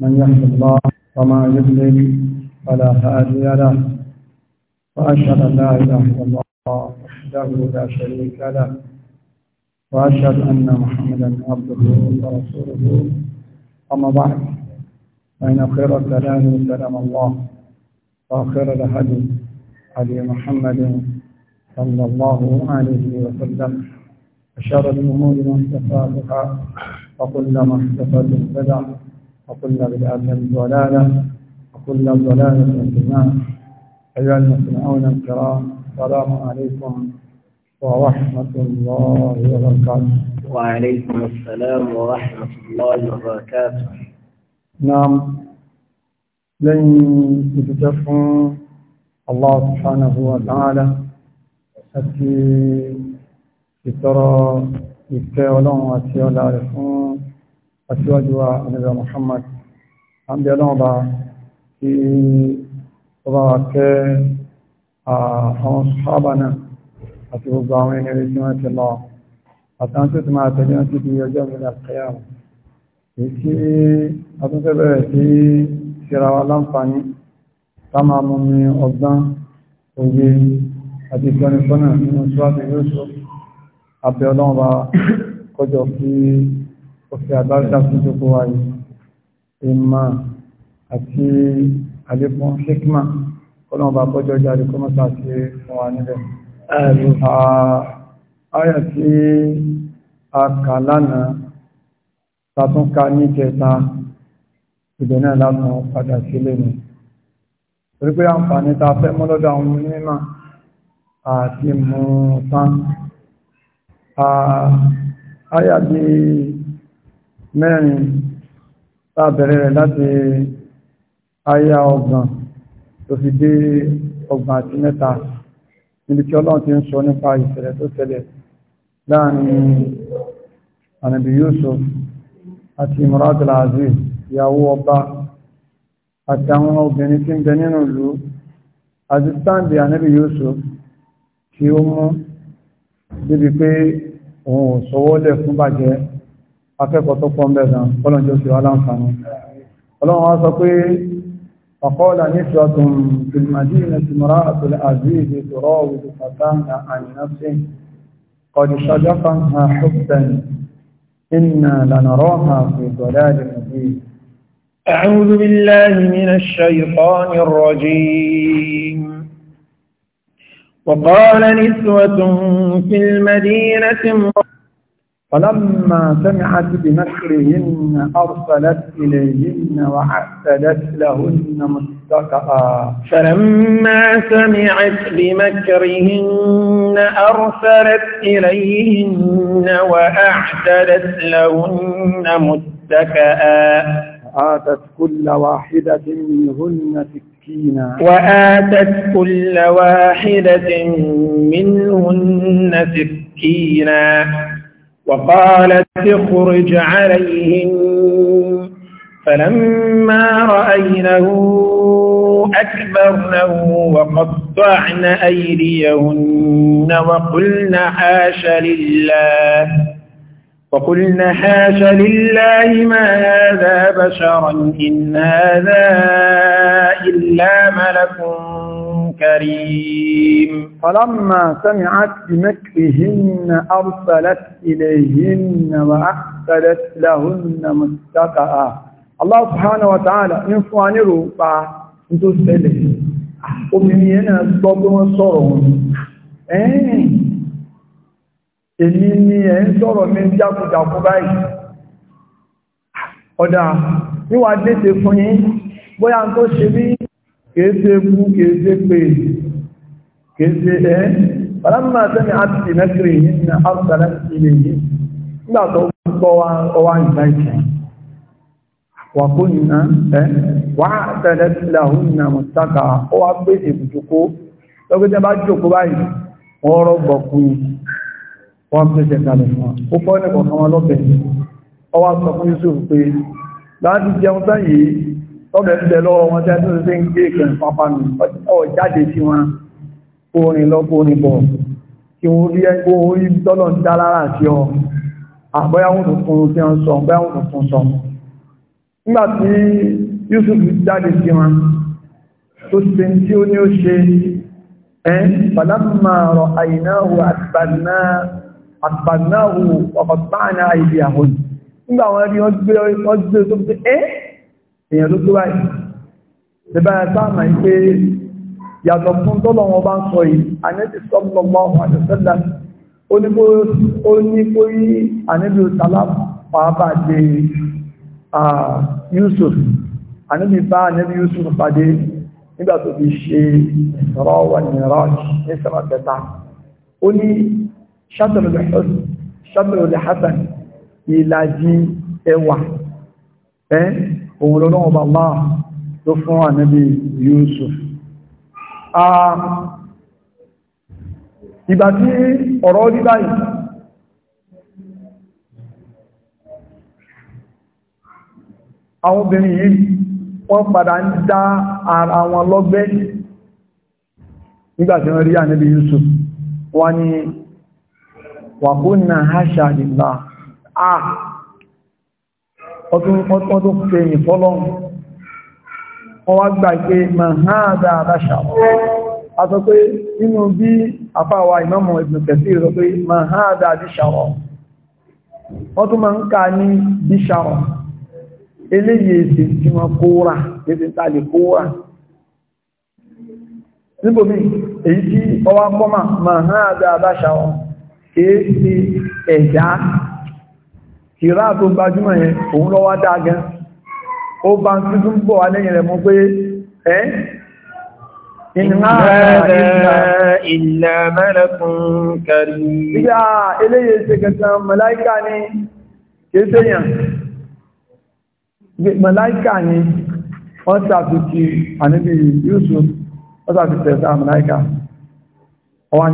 من يهد الله وما يضلل فلا هادي له وأشهد أن لا إله إلا الله وحده لا شريك له وأشهد أن محمدا عبده ورسوله أما بعد فإن خير الكلام كلام الله واخر الهدي هدي محمد صلى الله عليه وسلم وشر الأمور محدثاتها وكل محدثة بدعة وكل بدعة ضلالة وكل ضلالة في النار أيها المستمعون الكرام السلام عليكم ورحمة الله وبركاته وعليكم السلام ورحمة الله وبركاته نعم لن تتفهم الله سبحانه وتعالى أكيد ترى ìfẹ́ ọlọ́run aṣíwájú wa ànábì Muhammad a ń bí ọlọ́run bá tí ó bá wà kẹ́ àwọn sọ́hábà náà àti gbogbo àwọn ẹni rí tí wọ́n ti lọ àtàwọn tó ti máa tẹ̀lé wọn títí ọjọ́ ìgbìlá kẹyàwó èyí tí a tún fẹ́ bẹ̀rẹ̀ sí síra wa láǹfààní ká máa mú mi ọgbọ́n òye àti ìtọ́nisọ́nà nínú síwájú Yusuf abẹ́ ọlọ́run bá kọjọ sí ó fi àbáríkà fún ìjókòó wa yìí àti àlékún hikma kọ́nà ọba jáde kọ́mọ́ sàti fún wa níbẹ̀. Àyà tí a kà lánàá tàtúnka ní kẹta ìbẹ̀ náà látàn padà sílé ni. Torí pé àǹfààní ta fẹ́ mọ́ lọ́dọ̀ àwọn onímọ̀ àti mú tán. Àyà bíi mẹ́rin tá bẹ̀rẹ̀ rẹ̀ láti aya ọgbọ̀n tó fi dé ọgbọ̀n àti mẹ́ta níbi tí ọlọ́run ti ń sọ nípa ìṣẹ̀lẹ̀ tó ṣẹlẹ̀ láàrin ànàbì Yusuf àti Imratul Aziz ìyàwó ọba àti àwọn obìnrin tí ń bẹ nínú ìlú àti ànàbì Yusuf tí ó mú débi pé òun ò sọwọ́lẹ̀ fún bàjẹ́ akẹ́kọ̀ọ́ tó pọ̀ mẹ́ta ọlọ́njọ́ sí aláǹfààní ọlọ́run wá sọ pé ọ̀kọ́ọ̀lá ní ṣọ́tún fìlmàdínà ti mọ́ra àtúlẹ̀ àzíìdì tọrọ òwúrú fàtánà àyìnàṣẹ́ kọ̀dìṣọ́jọ́kan àṣùgbẹ̀n إنا لنراها في ضلال مبين أعوذ بالله وقال نسوة في المدينة امرأة فلما سمعت بمكرهن أرسلت إليهن وعدت لهن متكأ فلما سمعت بمكرهن أرسلت إليهن وأعتدت لهن متكأ وآتت كل واحدة منهن سكينا وآتت كل واحدة منهن سكينا وقالت اخرج عليهم فلما رأينه أكبرنه وقطعن أيديهن وقلن حاش لله وقلن حاش لله ما هذا بشرا إن هذا إلا ملك كريم فلما سمعت بمكرهن أرسلت إليهن وأحسلت لهن مستقعا الله سبحانه وتعالى ينفعني روبا انتو سيلي obìnrin ẹ̀nà gbọ́ pé wọ́n sọ̀rọ̀ wọn ẹ̀yìn èmi ni ẹ̀ ń sọ̀rọ̀ mi jákùjákù báyìí ọ̀dà níwà dẹ́tẹ̀ fún yín bóyá tó ṣe bí kéèsé kú kéèsé pé kéèsé ẹ́ ọlọ́mọ àtẹ́ni àti mẹ́kìrì yìí ní ilé yìí nígbà tó ń kọ́ ọwá ìgbà ìṣẹ́ wà kó nìna ẹ́ wà ó wá pé ìbùjókó lọ́gbẹ́tẹ́ bá báyìí wọ́n rọ́ gbọ̀kú wọ́n kalẹ̀ fún wa ó fọ́ wọn lọ́bẹ̀ẹ́ ọwá sọ fún Yusuf pé láti jẹun tọ́bẹ̀ ń bẹ lọ́wọ́ wọn tẹ́ tó ṣe ń gbé ìkẹ̀ pápánu ọ̀ jáde sí wọn orin lọ orin bọ̀ kí wọ́n rí ẹgbó orí tọ́lọ̀ ń dá lára sí ọ àbọ́yáwùn tuntun tí wọ́n sọ bọ́yáwùn tuntun sọ nígbà tí Yusuf jáde sí wọn tó ṣe tí ó ní ó ṣe ẹ́ pàdámàrọ̀ àìnáhù èèyàn ló tó wáyé nígbà táàmà yìí pé yàtọ̀ fún tọ́lọ̀ wọn bá ń sọ yìí anẹ́bí sallallahu alaihi wasallam ó ní kó yí anẹ́bí sàlápàá dé Yusuf anẹ́bí bá anẹ́bí Yusuf pàdé nígbà tó fi ṣe Isra wa Miraj ní sẹ́mà ó ní ṣàtọ̀lẹ̀ Hasan ẹwà òun lọ́lọ́wọ́ bá máa ló fún ànábì Yusuf ìgbà tí ọ̀rọ̀ báyìí àwọn yìí wọ́n padà ń dá ara wọn lọ́gbẹ́ nígbàtí wọ́n rí Yusuf wọ́n ni wàkúnnà ah ọdún ọdún pé ní fọ́lọ́run wọ́n wá gbà pé mahada a sọ pé nínú bí àfáwà ìmọ́mọ̀ Ibn Kathir sọ pé ha bíṣàrọ̀ wọ́n tún máa ń ka ní bíṣàrọ̀ eléyìí tí wọ́n kóra èsì lè kóra níbòmí èyí tí ọwá ìrá tó gbajúmọ̀ yẹn òun lọ wá dáa gan ó bá ń tuntun bọ̀ wá rẹ̀ mú pé ẹ́ Màláíkà ni wọ́n sàfihì Yusuf, wọ́n sàfihì tẹ̀sà Màláíkà. Ọwá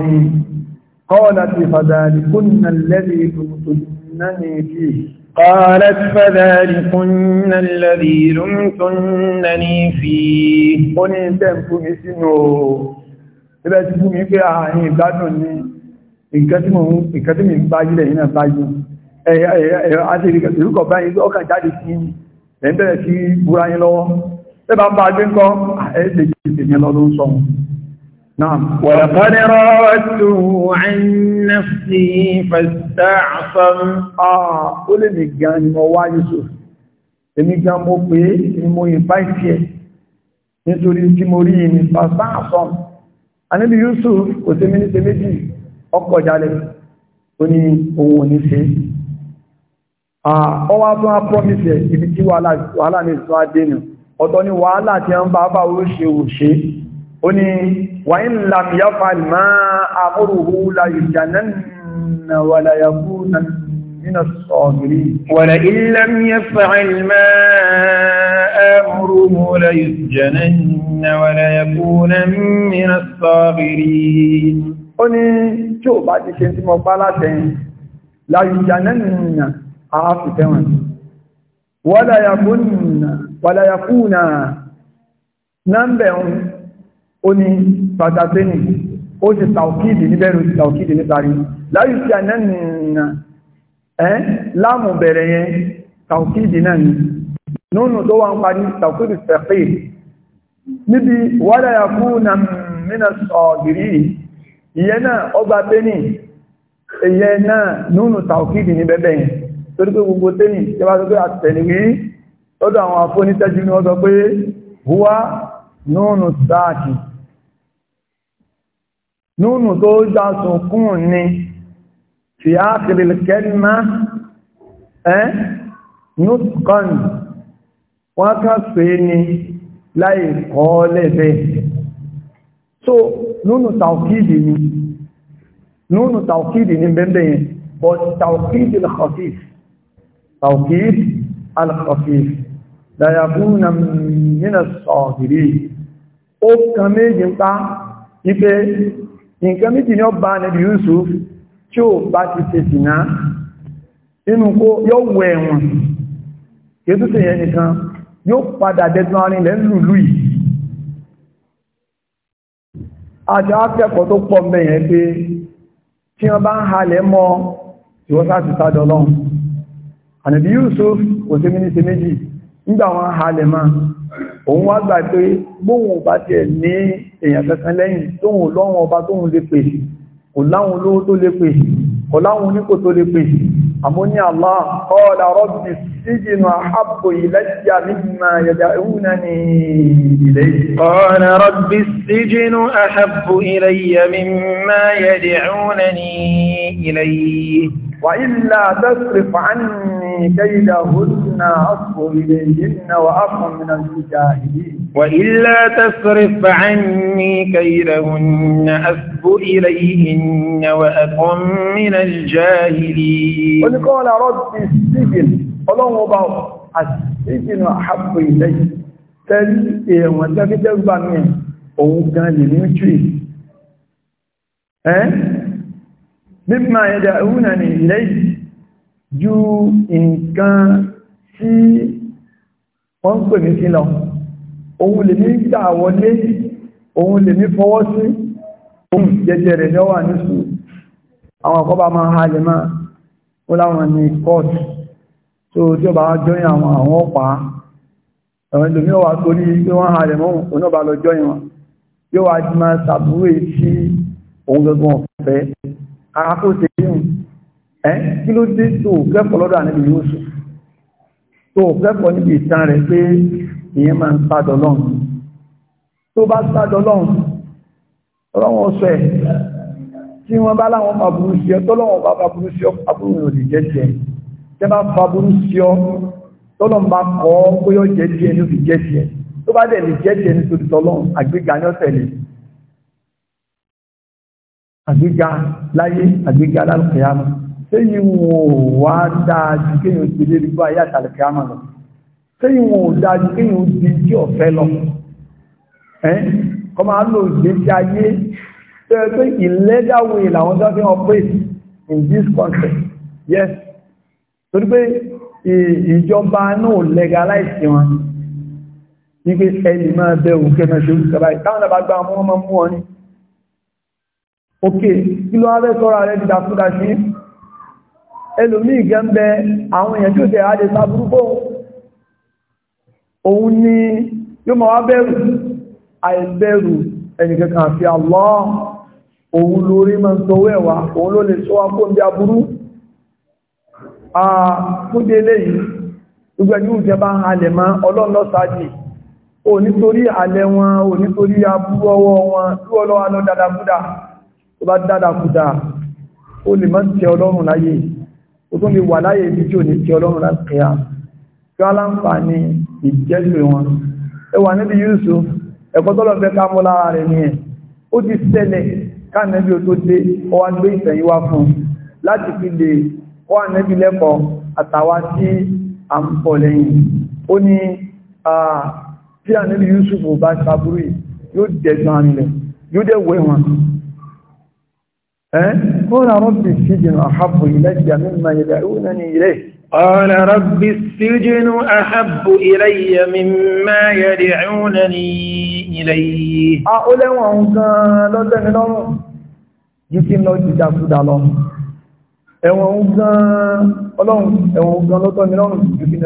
قالت فذلكن الذي لمتنني فيه قالت فذلكن الذي لمتنني فيه قل تنكم سنو ibẹ̀ ti fún mi pé ààrin ìgbádùn ní nǹkan tí mi ń báyí lẹ̀ iná báyí ìrúkọ̀ báyí ọkà jáde sí ẹ̀ẹ́bẹ̀rẹ̀ sí búra yín lọ́wọ́ tẹ́bà ń bá gbé ń kọ́ ẹ̀ẹ́sẹ̀ jẹ́ ìsẹ̀yìn lọ́lọ́ نعم ولقد راودته عن نفسه فاستعصم اه قل لي جان مو وا يوسف èmi gan mo pé ni mo invite ẹ nítorí tí mo rí ni fastasom anibi yusuf kò se mi ni se méjì ọkọ̀ jálẹ̀ ó ní ohun òní ṣe ọ wá tún á promise ibi tí wàhálà ní ìsọ́ adé nù ọ̀tọ̀ ni wàhálà tí a ń bá bá ó ṣe òṣèé ó ní wàyín làmìyàfà ma àmúrùhù láyìjànánà wà láyàkú na nínà sọ̀gìrí wàlá ilẹ̀m yẹ fa'il ma àmúrùhù láyìjànánà wà láyàkú na nínà sọ̀gìrí ó ní tí ó bá ti ṣe tí mọ bá látẹ̀yìn láyìjànánà àáfìfẹ́wọ̀n na nọ́mbẹ̀ ó ní pàtàkì ó ti tàùkìdì níbẹ̀rù ti tàùkìdì níparí láyé sí ànẹ́nìyàn ẹ́ láàmù bẹ̀rẹ̀ yẹn tàùkìdì náà ni nínú tó wá ń parí tàùkìdì fẹ̀fẹ́ níbi wádà yàkú na mínà sọ̀gìrí ìyẹn náà ọgbà tẹ́nì ìyẹn náà nínú tàùkìdì ní bẹ́bẹ̀ yẹn torí pé gbogbo tẹ́nì tí wá sọ ni wọ́n sọ huwa nínú sáàkìdì núnù tó já sùnkún ní fi ákìrìl kẹ́lìmá ẹ́ nùtkọ́n wọ́n ká ní láì kọ́ lẹ́bẹ̀ so núnù tàùkìdì ni núnù tàùkìdì ni bẹ́ẹ̀bẹ̀ yẹn but tàùkìdì al-khafif tàùkìdì al-khafif la yakuna min ó kàn méjì ipé nǹkan méjì ni ó bá nẹ́bí Yusuf tí ó bá ti ṣe náà inú kó yóò wọ ẹ̀wọ̀n kìí tún yẹn nìkan yóò padà dẹ́tún arin lẹ́ lùlú yìí àjọ akẹ́kọ̀ọ́ tó pọ̀ mẹ́ pé tí wọ́n bá ń halẹ̀ mọ́ ìwọ́sá Yusuf òun wá gbà pé gbóhùn ọba ti ẹ̀ ní èèyàn kankan lẹ́yìn tóhùn lọ́rùn ọba tóhùn lè pè kò láwọn olówó tó lè pè kò láwọn oníkò tó lè pè àmọ́ ní àlá qala rabbi sijnu ahabbu ilayya mimma yad'unani ilayhi qala rabbi sijnu ahabbu ilayya mimma yad'unani ilayhi وإلا تصرف عني كيدهن أصب إليهن وأكن من الجاهلين وإلا تصرف عني كيدهن أصب إليهن وأكن من الجاهلين قل قال رب السجن قلوه بعض السجن أحب إلي تلي وتبدأ أو كان لنشري ها bíbá ẹ̀dà òhúnà ní ilẹ̀ ju nǹkan tí wọ́n ń pè mí sí lọ òun lè ní gbà wọlé òun lè ní fọwọ́ sí òun jẹjẹrẹ lọ́wà ní sùn àwọn àkọ́bà máa halẹ̀ máa ó láwọn ní kọ́ọ̀tù tó tí ó bá jọyìn àwọn àwọn ọ̀pá ẹ̀wọ̀n ìlòmí ọwà torí pé wọ́n halẹ̀ mọ́ òun náà bá lọ jọyìn wọn yóò wá jí máa sàbúrò sí òun gẹ́gùn ọ̀fẹ́ ara tó ṣe yíò ẹ́ kí ló dé tó kẹ́kọ̀ọ́ lọ́dọ̀ àníbi yóò sùn tó kẹ́kọ̀ọ́ níbi ìtàn rẹ̀ pé ìyẹn máa ń sádọ lọ́n tó bá sádọ lọ́n ọlọ́wọ́n sọ ẹ̀ tí wọ́n bá láwọn aburú sí ọ tọ́lọ́wọ́n bá aburú sí ọ aburú rẹ̀ ò sì jẹ́ tiẹ̀ tẹ́ bá fa sí ọ tọ́lọ́wọ́n bá kọ́ ó bóyọ́ jẹ́ ní ó sì tó bá dẹ̀ lè jẹ́ nítorí tọ́lọ́wọ́n àgbéga ní ọ̀sẹ̀ lè àgbéga láyé àgbéga lálùkìyàmù sẹ́yìn wọn ò wá dáa ju kéèyàn ti lé rí bá ayé àtàlùkìyàmù lọ sẹ́yìn wọn ò dáa ju kéèyàn di tí ọ̀fẹ́ lọ ẹ́n kọ́ máa lò ìgbésí ayé tẹ́ẹ̀ pé illegal way làwọn tó fi operate in this country yes torí pé ìjọba náà legalize wọn ní pé ẹni máa bẹ òun kẹ́mẹ́ṣe orúkẹ́ báyìí táwọn àbá gba ọmọ ọmọ mú ọ ní òkè kí ló wá fẹ́ sọ́ra rẹ̀ dìdàkúdà sí ẹlòmí ìgẹ́m̀bẹ̀ àwọn èèyàn tí ó tẹ̀ àdè sáburúkó òun ni yóò máa wá bẹ̀rù àìbẹ̀rù ẹnìkẹ́kàn àfi Allah òun lórí ma ń tọwọ́ ẹ̀wà òun ló lè sọ́wá kó ń bí aburú fúndé léyìí gbogbo ẹni ìjẹ bá ń halẹ̀ àlẹ́ wọn ò nítorí abúrọ́wọ́ wọn lúọ́lọ́wọ́ lọ dáadáa tó bá dáadáa kúta ó lè má tẹ ọlọ́run láyé ó tún lè wà láyé ibi tí ò ní tẹ ọlọ́run láti kẹyà kí wọ́n láǹfààní ìjẹ́lẹ̀ wọn ẹ wà níbi Yusuf ẹ̀kọ́ tọ́lọ̀ fẹ́ ká mọ́ lára rẹ̀ ni ẹ̀ ó ti ṣẹlẹ̀ káànẹ́bí ó tó dé ó wá gbé ìtẹ̀yìn wá fún láti fi lè kọ́ ànẹ́bí lẹ́kọ̀ọ́ àtàwá tí a ń pọ̀ lẹ́yìn ó ní tí ànẹ́bí Yusuf bá ṣàbúrú yóò dẹ̀gbọ́n rẹ̀ yóò dẹ̀ wẹ̀ wọn قال رب السجن أحب إلي مما يدعونني إليه قال رب السجن أحب إلي مما يدعونني إليه أقول وهم قالوا تنلوا يمكن لو تجاسوا دالهم ẹ̀wọ̀n gan ọlọ́run ẹ̀wọ̀n gan lọ́tọ́ mi lọ́rùn jù bí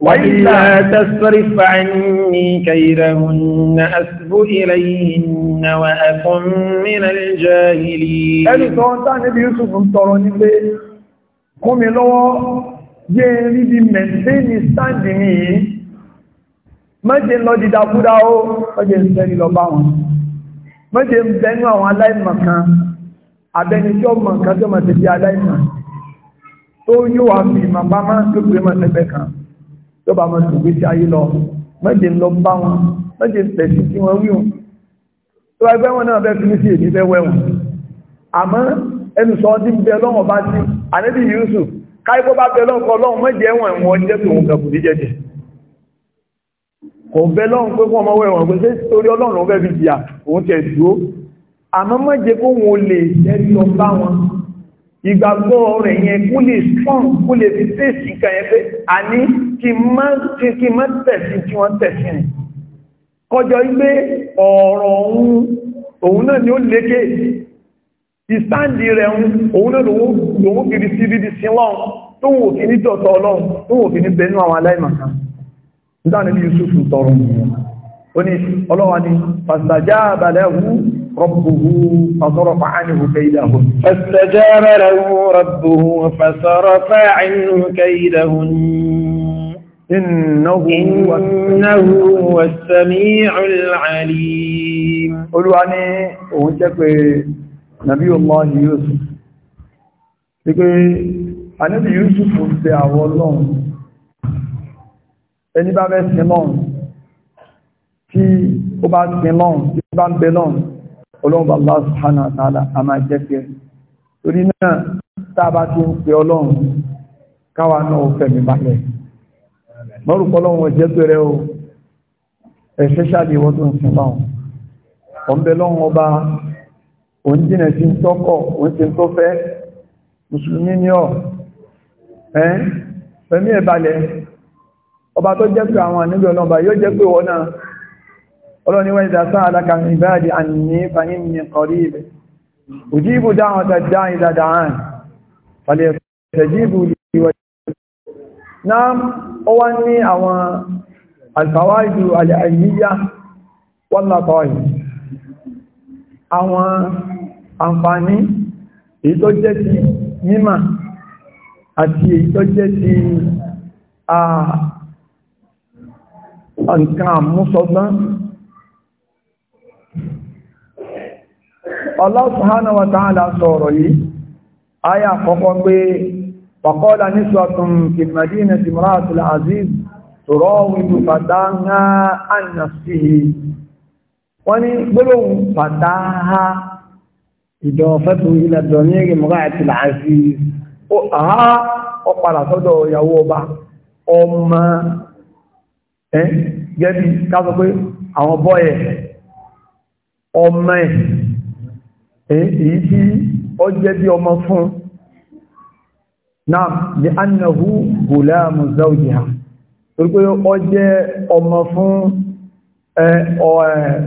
وإلا تصرف عني كيدهن أسب إليهن وأكن من الجاهلين ẹni tó ń tán níbi Yusuf ń tọrọ ní pé kún mi lọ́wọ́ yẹ́ rí bí mẹ́sẹ́ni sáàdì ní yìí mẹ́jẹ lọ dìdà fúdá ó ọjẹ́ ìsẹ́ni lọ bá wọn mẹ́jẹ ń bẹnu àwọn aláìmọ̀kan abẹni tí ó mọ̀ nǹkan tí ó mọ̀ sí bí aláìmọ̀ tó yóò wà fi màmá máa ń tó pé mọ̀ sẹ́gbẹ̀ kan tó bá máa tùgbé sí ayé lọ méje ń lọ bá wọn méje ń tẹ̀sí tí wọ́n wíwọ̀n tó bá gbẹ́wọ̀n náà bẹ́ẹ̀ fi ní sí èdè fẹ́ wẹ̀wọ̀n àmọ́ ẹnu sọ ọdún bẹ lọ́wọ́ bá sí ànábì Yusuf káyíkó bá bẹ lọ́wọ́ lọ́wọ́ méje ẹ̀wọ̀n ẹ̀wọ̀n jẹ́ tòun kẹ̀kù díjẹ̀jẹ̀ kò bẹ lọ́wọ́ pé wọ́n mọ́ wẹ̀wọ̀n pé sí torí Ọlọ́run fẹ́ fi jìyà òun tẹ̀ dúró àmọ́ méje kó wọn lè jẹ́ lọ bá wọn ìgbàgbọ́ rẹ̀ yẹn kó lè strong kó lè fi tẹ̀sí kan yẹn kí má tẹ̀sí tí wọ́n tẹ̀sí ni kọjọ igbé ọ̀rọ̀ ohun òun náà ni ó lékè ìsáàdì rẹ̀ òun náà lòun gidi sí rídi sí lọ́n tó wò kí ní jọ̀tọ̀ ọlọ́run tó wò kí ní bẹnu àwọn aláìmọ̀ká ìdáni ní Yusuf tọrọ ó ní ọlọ́wà ní pàṣàjá àbàlẹ̀ إنه هو السميع العليم Olúwa ní òun jẹ́ pé nàbí Allah Yusuf. Ṣé pé àníbì Yusuf ń fẹ́ àwọn ọlọ́run. Ẹni bá bẹ́ sin lọ́run, tí ó bá sin lọ́run, tí ó bá ń bẹ lọ́run, ọlọ́run bá Allah subhanahu wa a máa jẹ́ pé. Torí náà, tá a bá ń pe ọlọ́run, káwa náà fẹ̀mí balẹ̀ mọ́rùkọ́lọ́ wọn jẹ́ pẹ̀rẹ́ o especially wọ́n tó ń sin báwọn ọ̀nbẹ̀ lọ́wọ́ ọba oúnjẹ́ sí ń tọ́kọ̀ oúnjẹ́ tó fẹ́ mùsùlùmí ní ọ̀ ẹ́n pẹ̀mí ẹ̀balẹ̀ ọba tó jẹ́ pé àwọn àníbì ọlọ́ba yóò jẹ́ pé wọ́n náà ọlọ́niwẹ́ ìdásá aláka ìbáàdì àníní fàyín ní kọrí ibẹ̀ òjì ibùdá àwọn tàjá ìdàdà àrùn fàlẹ̀ ẹ̀sẹ̀jì ibùdí náà ó wá ní àwọn alfawaidu al'ayyíyá wọ́látọ́ọ̀yì àwọn àǹfààní èyí tó jẹ́ ti mímọ̀ àti èyí tó jẹ́ ti nǹkan àmúsọgbọ́n Allah subhanahu wa ta'ala sọ̀rọ̀ yìí, فقال نسوة في المدينة امرأة العزيز تراود فتاها عن نفسه وأن قلوا فتاها إضافته إلى الدنيا امرأة العزيز ها أقرأ صدو يوبا أم gẹ́bí káàkiri pé àwọn bọ́ẹ̀ ọmọ ẹ̀ èyí tí ó jẹ́ bí ọmọ fún náà bí annahu gùlámù zawjiha torípé ó jẹ́ ọmọ fún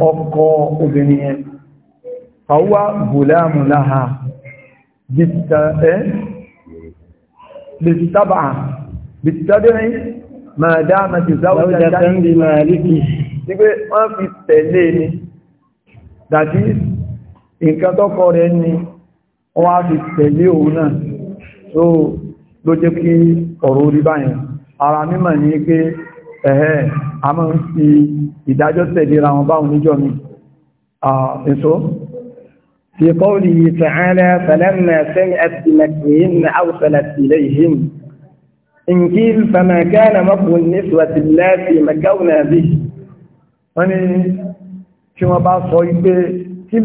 ọkọ obìnrin yẹn fàwọ́ gùlámù láha bìtàbà bìtàbìrin máa dáàmà ti zawjatan bí maliki wípé wọ́n fi tẹ̀lé ni dàtí nǹkan tọ́kọ rẹ̀ ni wọ́n á fi tẹ̀lé òun náà so ló jẹ́ kí ọ̀rọ̀ orí báyẹn ara mímọ̀ ní pé ẹ̀ẹ́ a mọ́ ń fi ìdájọ́ tẹ̀lera wọn báwọn níjọ́ mi èso في قوله تعالى فلما سمعت بمكرهن أرسلت إليهم إن قيل فما كان مكر النسوة اللاتي مكرنا به wọ́n ní kí wọ́n bá sọ ipé kí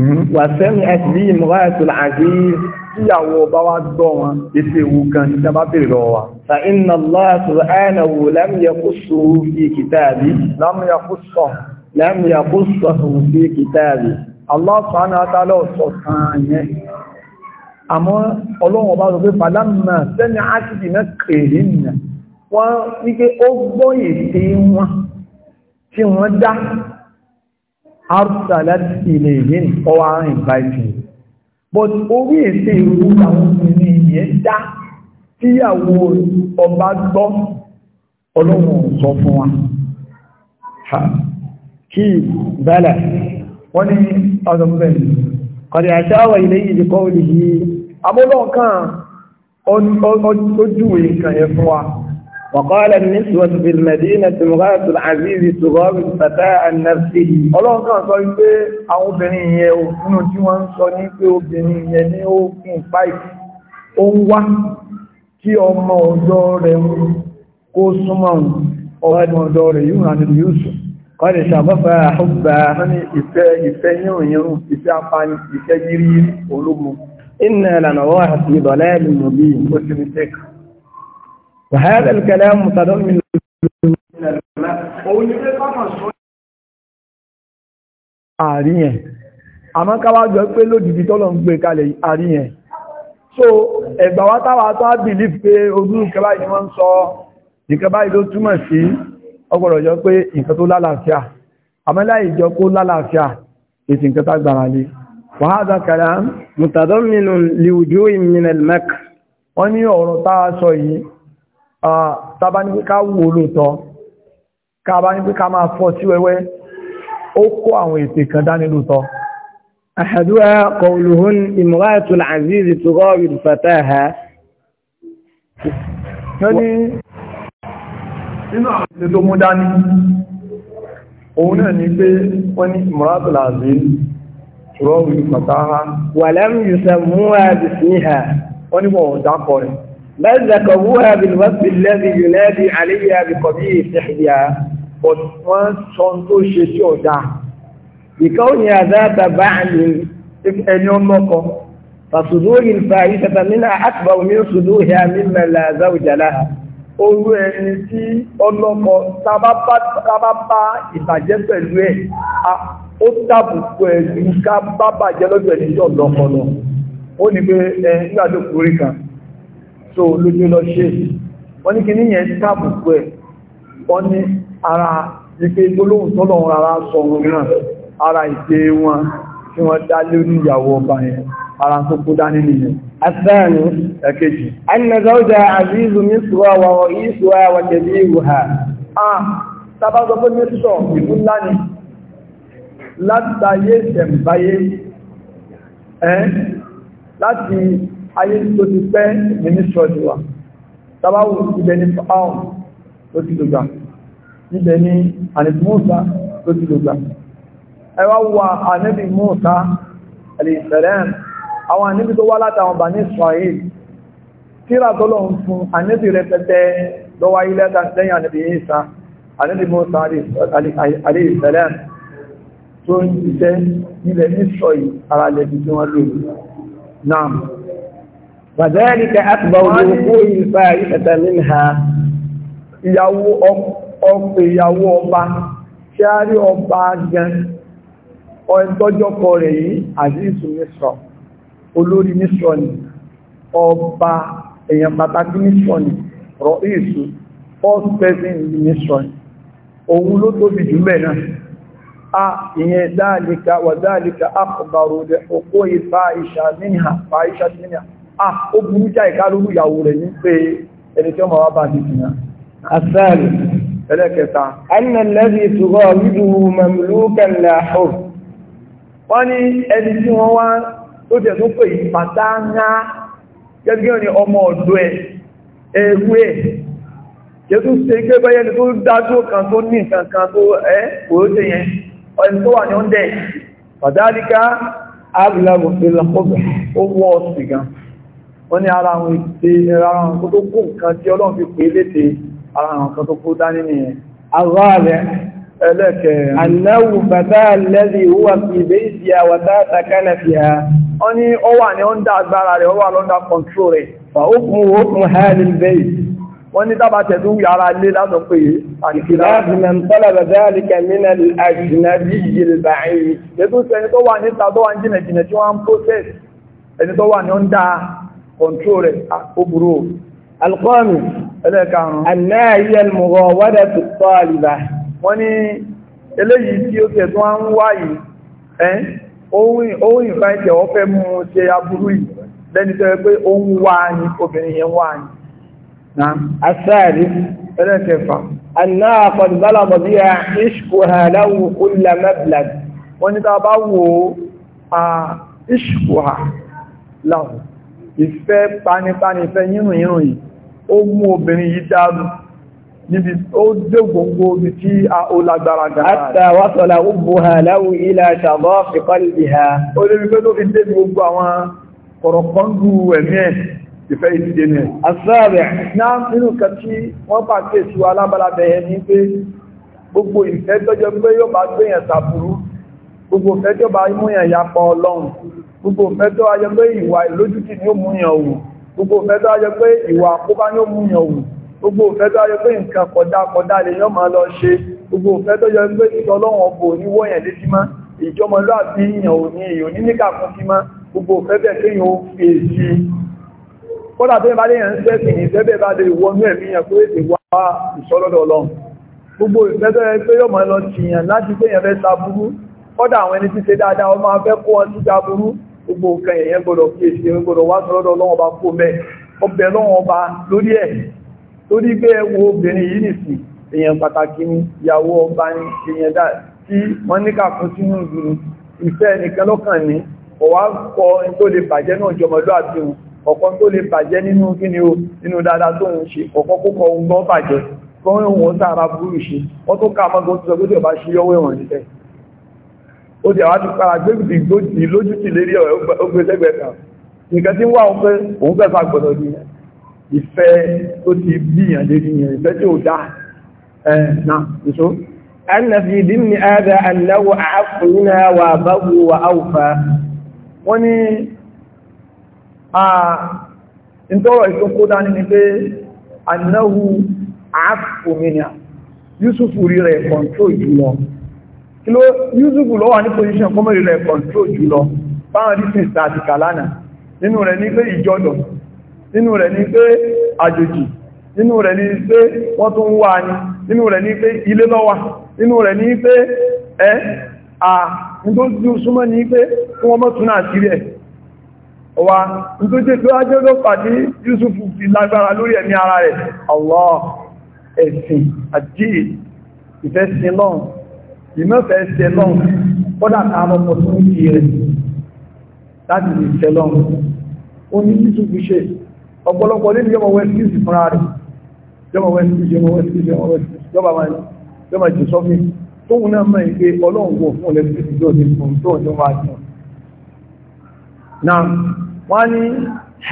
Mm-hmm. wàsẹ́mi ẹ̀sìn yìí mọ́ ẹ̀sùn àti tíyàwó bá wá gbọ́ wọn ètò ewu kan ní sábà bèèrè lọ wa. fa inna Allaha subhanahu lam yaqussuhu fi kitabi lam yaqussuhu lam yaqussuhu fi kitabi arsalat ilayhin ọwọ́ àárín báyìí but orí èsè ìrú àwọn obìnrin yẹn dá tíyàwó ọba gbọ́ ọlọ́run sọ fún wa kí bẹ́lẹ̀ wọ́n ní ọdọ̀mọ́bẹ̀ kọ̀dí àṣáwà ilé ìdí kọ́ olùyí abọ́lọ́ kan ojú ìkànyẹ fún wa وقال النسوة في المدينة امرأة العزيز تغار الفتاة عن نفسه ọlọ́run kan sọ wípé àwọn obìnrin yẹn ò nínú tí wọ́n ń sọ ní pé obìnrin yẹn ní ó kún páìpì ó ń wá kí ọmọ ọ̀dọ́ rẹ̀ kó súnmọ́ ọmọ ọ̀dọ́ rẹ̀ yóò rán nínú yóò sùn kọ́ni ṣàbọ́fà àhúgbà ní ìfẹ́ ìfẹ́ yírùnyírùn ìfẹ́ apani ìfẹ́ yírí ológun inna lànà wọ́n àti ìdọ̀lẹ́ ìlú mọ̀bí ó ti ní tẹ́kọ̀ọ́ وهذا الكلام متضمن ààrin yẹn àmọ́ ká wá jọ pé lódìdí tọ́lọ̀ ń gbé kalẹ̀ ààrin yẹn so ẹgbà wá táwà tó á bìlíf pé ogún ìkẹbá yìí wọ́n ń sọ ìkẹbá yìí ló túmọ̀ sí ọgbọ̀rọ̀ jọ pé nǹkan tó lálàáfíà àmọ́lá ìjọ kó lálàáfíà ètì nǹkan tá tàbá ní pé ká wò lóòtọ́ káàbá ní pé ká máa fọ́ sí wẹ́wẹ́ ó kó àwọn ètè kan dání lóòtọ́ أحدها قولهن امرأة العزيز tó mú dání, òun náà ni wọ̀n dákọ̀ rẹ̀. بل ذكروها بالوصف الذي ينادي عليها بقبيح سحرها وان صنتو شيشو دا بكونها ذات بعل ان يومكم فصدور الفاحشة منها أكبر من صدورها مما لا زوج لها Oru ẹni tí ọlọ́kọ tábábá ìbàjẹ́ pẹ̀lú ẹ̀, ó tàbùkù ẹ̀lú ká bábàjẹ́ lọ́jọ́ ẹni tí lọ. Ó ní pé ẹ̀ nígbàtí òkúrí kan, tó lójú lọ ṣe wọ́n ní kí ní yẹn ẹ̀ wọ́n ní ara wípé gbólóhùn tọ́lọ̀ ara sọ wọn náà ara ìpé wọn tí wọ́n dá lórí ìyàwó ọba yẹn ara tó kó dání nìyẹn الثاني أكيد أن زوجها عزيز láti ayé tó ti pẹ́ mínísọ̀dù wa tàbáwò ibẹ̀ ní fáwọn tó ti lògbà ibẹ̀ ní ànìmọ́sá tó ti lògbà ẹwà wà ànẹ́bì mọ́sá alìsẹ̀rẹ́m àwọn ànẹ́bì tó wá látàwọn bà ní Israel tíra tọ́lọ̀ ń fún ànẹ́bì rẹpẹtẹ lọ́wọ́ ilẹ̀ lẹ́yìn ànẹ́bì Isa ànẹ́bì mọ́sá alìsẹ̀rẹ́m tó ń ṣiṣẹ́ ilẹ̀ ní Israel ara lẹ́bi tí wọ́n lò náà وذلك أكبر لوقوع الفائدة منها ìyàwó ọ̀pẹ̀ ọba ṣe a rí ọba gan ọ̀ẹ́tọ́jọ́kọ rẹ̀ yìí àzíìsù mísọ̀ olórí ọba èèyàn pàtàkì mísọ̀ ni first person mísọ̀ ni òun ló tóbi jù ah ó burú já ìkálórú ìyàwó rẹ̀ ní pé ẹni tí ọmọ wa bá ti sìnà asáàlù ẹlẹ́kẹta annalẹ́bí ìtùrọ̀ nídùú mẹ́mìlúkẹ̀lẹ̀ àhùr wọ́n ní ẹni tí wọ́n wá tó jẹ́ tó pè ìpàtà ńlá gẹ́gẹ́ ní ọmọ ọ̀dọ́ ẹ̀ ẹ̀kú ẹ̀ jẹ́tú ṣe gbé ni tó dájú kan ó wọ́ ọ̀sì ó ní ara àwọn ìpè ara àwọn tó kó nǹkan tí ọlọ́run fi pè léte ara àwọn kan tó kó dání nìyẹn àwọ̀rẹ̀ ẹlẹ́kẹ̀ aláwù bàbá lẹ́lì wúwà fi ìbé ìsì àwàtà àtàkálẹ̀ fi ha ọ ní ó wà ní ó ń dá agbára rẹ̀ ó wà lọ́ndà kọ̀ntró rẹ̀ wọ́n ní dábà tẹ̀lú yàrá lé látọ̀ pé àìkìlá ìmẹ̀ ń tọ́lá àríkẹ̀ nínú àjìnàbí ìjìlbà ẹ̀yìn lẹ́tún sẹ́ni tó wà níta tó wà ń jìnàjìnà tí wọ́n ń process ẹni tó wà ní ó ń dáa kọ̀ntró rẹ̀ ó burú o. alukọ́ọ̀nù ẹlẹ́karùn-ún. àná ayé ẹlmùgọ̀ wádà tó tọ́ àlìbà. wọ́n ní eléyìí tí ó tẹ̀ tó wá ń wá yìí ẹ́ ohun ìfàǹtẹ̀ wọ́n fẹ́ mú ṣe aburú yìí lẹ́ni tó yẹ pé ó ń wá ní obìnrin yẹn wá ní. asáàrí ẹlẹ́kẹfà. àná bí i ìfẹ́ panipani ìfẹ́ yírùn yírùn yìí ó mú obìnrin yìí dáadù níbi ó dé gbogbo ibi tí a ó lágbára gan ìfẹ́ ìdíje ní ẹ̀. àṣàbẹ̀ náà nínú kan tí wọ́n bá ké sí wa ẹ̀ ní pé gbogbo ìfẹ́ tọ́jọ́ pé yóò bá gbéyàn sàbúrú gbogbo ìfẹ́ tó bá mú yàn yapọ̀ ọlọ́run gbogbo mẹ́tọ́ ayẹ pé ìwà ìlójútì ni ó mú yàn wù gbogbo mẹ́tọ́ ayẹ pé ìwà àkóbá ni ó mú yàn wù gbogbo mẹ́tọ́ ayẹ pé nǹkan kọjá kọjá lè yàn máa lọ ṣe gbogbo mẹ́tọ́ ayẹ pé ìtọ́lọ́wọ̀n bò ní wọ́yàn létí má ìjọmọlúàbí yàn ò ní èyàn níníkà fún sí má gbogbo fẹ́bẹ̀ kéyàn ó fi èsì kódà tó bá léyàn ń sẹ́sì ní fẹ́bẹ̀ bá lè wọnú ẹ̀mí yàn pé ìwà ìsọlọ́dọ̀ ọlọ́run gbogbo ìfẹ́tọ́ ẹ pé àwọn ẹni tí ṣe dáadáa ọmọ afẹ́ kó sí sa burú gbogbo nǹkan èèyàn gbọ́dọ̀ kí èsì èèyàn gbọ́dọ̀ wá sọ́rọ́dọ̀ ọlọ́wọ́ bá kó mẹ́ ọbẹ̀ lọ́wọ́ bá lórí ẹ̀ torí pé ẹwọ obìnrin yìí nìsìn èèyàn pàtàkì ni ìyàwó ọba ni èèyàn dá tí wọ́n ní kàkún sínú ìlú ìfẹ́ nìkan lọ́kàn ní ọ̀wá kọ tó lè bàjẹ́ náà jọmọlú àti òun ọ̀kọ́ tó lè bàjẹ́ nínú kíni o nínú dáadáa tó ń ṣe ọ̀kọ́ kókọ ohun gbọ́ bàjẹ́ kọ́ òun sára burú ṣe wọ́n tó ká mọ́gbọ́n tó sọ pé tí ọba ṣe yọ́wọ́ ẹ̀wọ̀n nífẹ̀ẹ́ ó ti àwọn gbébìtì gbòjì lójútì lérí kan nǹkan tí òun ìfẹ́ tó ti bíyàn lérí yẹn ìfẹ́ tí ó dá ẹ̀ náà ìṣó أن في ضمن هذا أنه أعف منها وأبر وأوفى wọ́n ní ìtọ́rọ̀ ìtọ́kó dání ni pé rí kí ló yúzùbù lọ́wà ní position kọmọ̀rí rẹ̀ control jùlọ báwọn distance àti kàlánà nínú rẹ̀ ní pé ìjọdọ̀ nínú rẹ̀ ní pé àjòjì nínú rẹ̀ ní pé wọ́n tó ń wá ní nínú rẹ̀ ní pé ilé lọ́wà nínú rẹ̀ ní pé ẹ́ à tó súnmọ́ ní pé kí wọ́n mọ́tún náà sí rẹ̀ wa n tó jẹ́ pé ajọ́dọ̀ pàdé Yúsùfù fi lágbára lórí ẹ̀mí ara rẹ̀ Allah ẹ̀sìn àti ìfẹ́sìn náà ìmọ̀fẹ́ sẹlọ́n kọ́dà káàmọ́ pọ̀ tó ń here? That is lè sẹlọ́n ó ní títù fi ṣe ọ̀pọ̀lọpọ̀ nínú yọmọ westfield fúnra rẹ̀ yọmọ westfield yọmọ westfield yọmọ westfield yọmọ àwọn yọmọ jù sọ́fìn tóun náà mọ̀ ìgbé ọlọ́run wò fún electricity tó ní fún tó ní wá jù náà wọ́n ní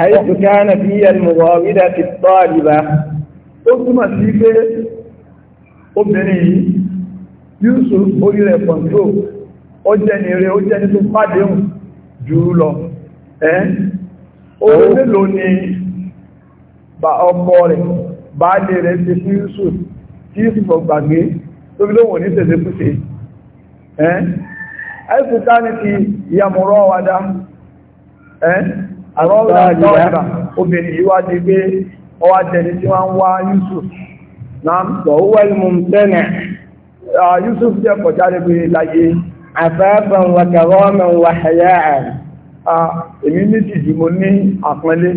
àìsù káàna bí i ẹlmùwọ̀ wídà ti tọ́ àdìbá Yusuf orí rẹ̀ kọ̀ntró ó jẹ́ ní rẹ̀ ó jẹ́ ní tó pàdéhùn jù lọ ẹ́ orí mélòó ni bá ọkọ rẹ̀ bá lè rẹ̀ ṣe fún Yusuf tí Yusuf ọgbàgbé tó bí lóhùn ní tẹ̀sẹ̀ fúnṣe ẹ́ ẹ́fùká ní ti ìyàmùrọ̀ wádá ẹ́ àwọn ọ̀rọ̀ àjọ́ obìnrin ìwádìí gbé ọwá jẹ́ni tí wọ́n ń wá Yusuf náà tọ̀wọ́ ìmú tẹ́nẹ̀ẹ́ Yusuf jẹ́ kọjáre bí láyé afẹ́fẹ́ wa kẹrọ́mẹ wa ṣẹyẹ ẹ̀ èmi mo ní àpọ́nlé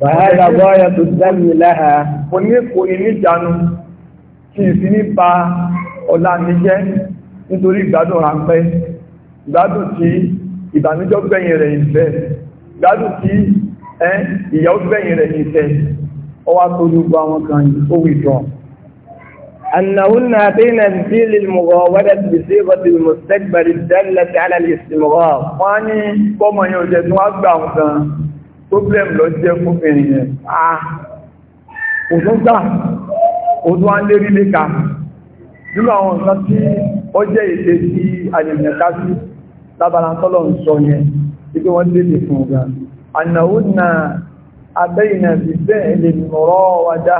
bàálà bọ́ọ̀yà tó sẹ́mi lẹ́hà mo ní kò ní níjànú kí n fi nítorí ìgbádùn ráńpẹ́ ìgbádùn tí ìbànújọ́ أنهن أتينا بفعل المغاورة بصيغة المستكبر الدالة على الاستمرار. wọ́n ní kọ́mọ yóò jẹ́ tí wọ́n gbà nǹkan problem ló jẹ́ fún ènìyàn. kò tún gbà ó tún wá ń lérí léka nínú àwọn nǹkan tí ó jẹ́ èdè tí àyẹ̀yẹ̀ sí lábala tọ́lọ̀ ń sọ yẹn wípé wọ́n lè fún ọ̀gá. ànàwó na abẹ́yìnà bíbẹ́ ilẹ̀ mọ̀rọ̀ wájá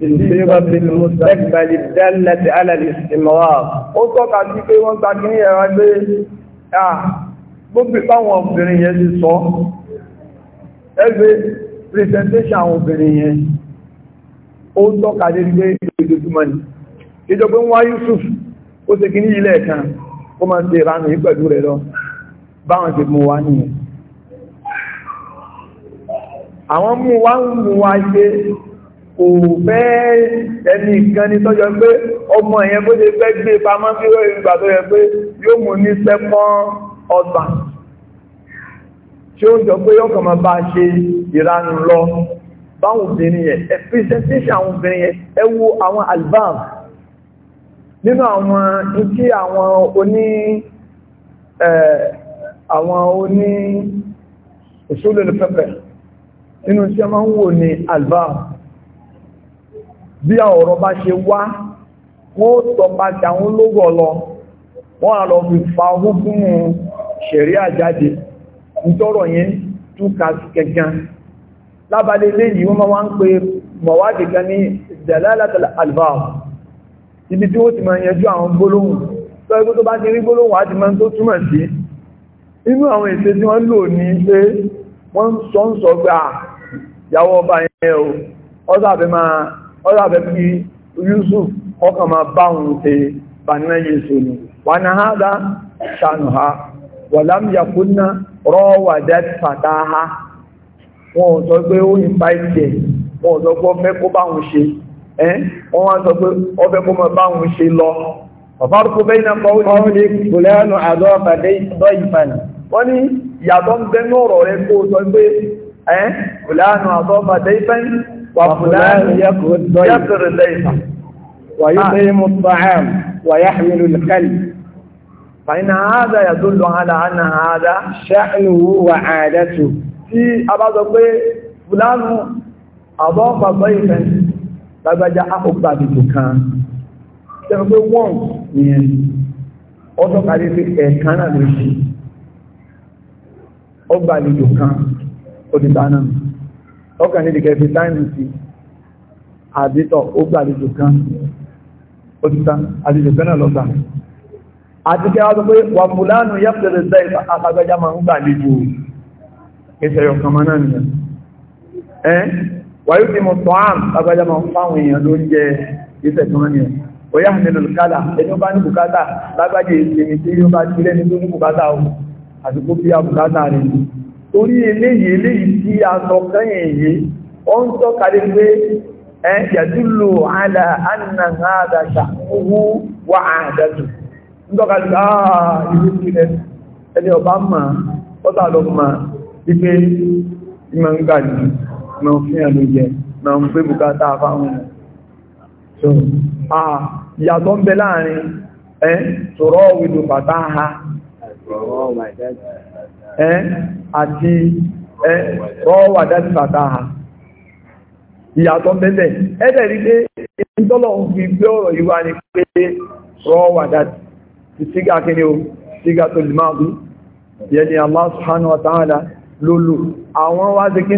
بالصيغة المستقبل الدالة على الاستمرار ó tọ́ka sí pé wọ́n gba kí ní ẹ̀rọ ẹgbẹ́ gbogbo àwọn obìnrin yẹn ti sọ ẹgbẹ́ presentation àwọn obìnrin yẹn ó tọ́ka lé gbé ìdójúmọ́ ìjọba ń wá Yusuf ó ṣe kí ní ilẹ̀ kan ó máa ṣe ìranù yí pẹ̀lú rẹ̀ lọ báwọn ti mú wá nìyẹn àwọn mú wá ń mú wá ṣe kò fẹ́ ẹni kan ní tọ́jọ́ pé ọmọ ìyẹn bó ṣe fẹ́ gbé pamọ́ sí ìwé ìgbà tó yẹ pé yóò mú ní sẹ́pọ́n ọgbà tí ó ń jọ pé yọ́kàn máa bá ṣe ìranù lọ báwọn obìnrin yẹn ẹ presentation àwọn obìnrin yẹn ẹ wo àwọn albam nínú àwọn ikí àwọn oní àwọn oní ìṣúlẹ̀ pẹ́pẹ́ nínú tí máa ń wò ní albam bí ọ̀rọ̀ bá ṣe wá wọ́n tọpa jàun lówọ̀ lọ wọ́n a lọ fi fa ogún ṣẹ̀rí àjáde nítọ́rọ̀ yẹn túnka kẹkàn lábàlẹ̀ lẹ́yìn wọ́n máa ń pe mọ̀wádì kan ní ìdàlálàtàlà alvaa ibi tí ó ti máa yẹjú àwọn gbólóhùn tó ẹgbẹ́ tó bá ti rí gbólóhùn àti máa ọba yẹn o ọ́sàfẹ́ máa ọlọ́bẹ̀ kí Yusuf ọkàn máa bá òun ṣe bàná Yusuf ni wọ́n na hádá ṣànù ha wọ̀lám yakúnná rọ́wà dẹ́t fàtà ha wọ́n sọ pé ó ní fáìtì ẹ̀ wọ́n sọ pé ọfẹ́ kó bá òun ṣe ẹ́ wọ́n wá sọ pé ọfẹ́ kó máa bá òun ṣe lọ ọ̀fárúkú bẹ́ẹ̀ náà kọ́ wọ́n ní kùlẹ́ẹ̀nù àdọ́ ọ̀fàdé ìtọ́ ìfàní wọ́n ní ìyàtọ̀ ń bẹ́ẹ̀ náà rọ̀ rẹ̀ kó sọ pé ẹ́ kùlẹ́ẹ̀nù àdọ́ ọ̀fàdé ìfàní وفلان يقر الليل ويطعم الطعام ويحمل الكلب فإن هذا يدل على أن هذا شأنه وعادته في أبعض فلان أضاف ضيفا lágbájá àkókò àdìgbò kan tẹ́lẹ̀ pé wọ́n yẹn ọdún kàdé pé ẹ̀ẹ̀kan náà ló ṣe ọgbà àdìgbò kan ó ti náà ọkàn ní ìdíkẹ́ fi táìmù sí àdétọ̀ ó gbà àlejò kan ó ti tán àlejò kan náà lọ́gbà àti kí a sọ pé wà fúlánù yẹ́pẹ̀lẹ̀ sẹ́ àtàgbẹ́já máa ń gbà àlejò ìṣẹ̀yọ̀ kan máa náà nìyẹn ẹ́ wàyú ti mọ̀ tọ́ àm àgbẹ́já máa ń fáwọn èèyàn ló torí eléyìí eléyìí tí a sọ kẹ́yìn yìí ó ń tọ́kàrí pé ẹ yàdúlò àlà ànàhà àdàṣà wà àdàjù ń tọ́kàrí àà ah, ìlú sílẹ̀ ẹni ọba mà ọ́tà lọ mà wípé ìmọ̀ ń gà so a ha ẹ́ àti ẹ́ rọ́wà dájú bàtà ha ìyàtọ̀ bẹ́ẹ̀ ẹ́dẹ̀ rí pé ìtọ́lọ̀ ń fi gbé ọ̀rọ̀ yìí wá ní pé rọ́wà dájú ti sígá kí ni o sígá tó lè máa bú yẹni Allah subhanahu lólò àwọn wá sí kí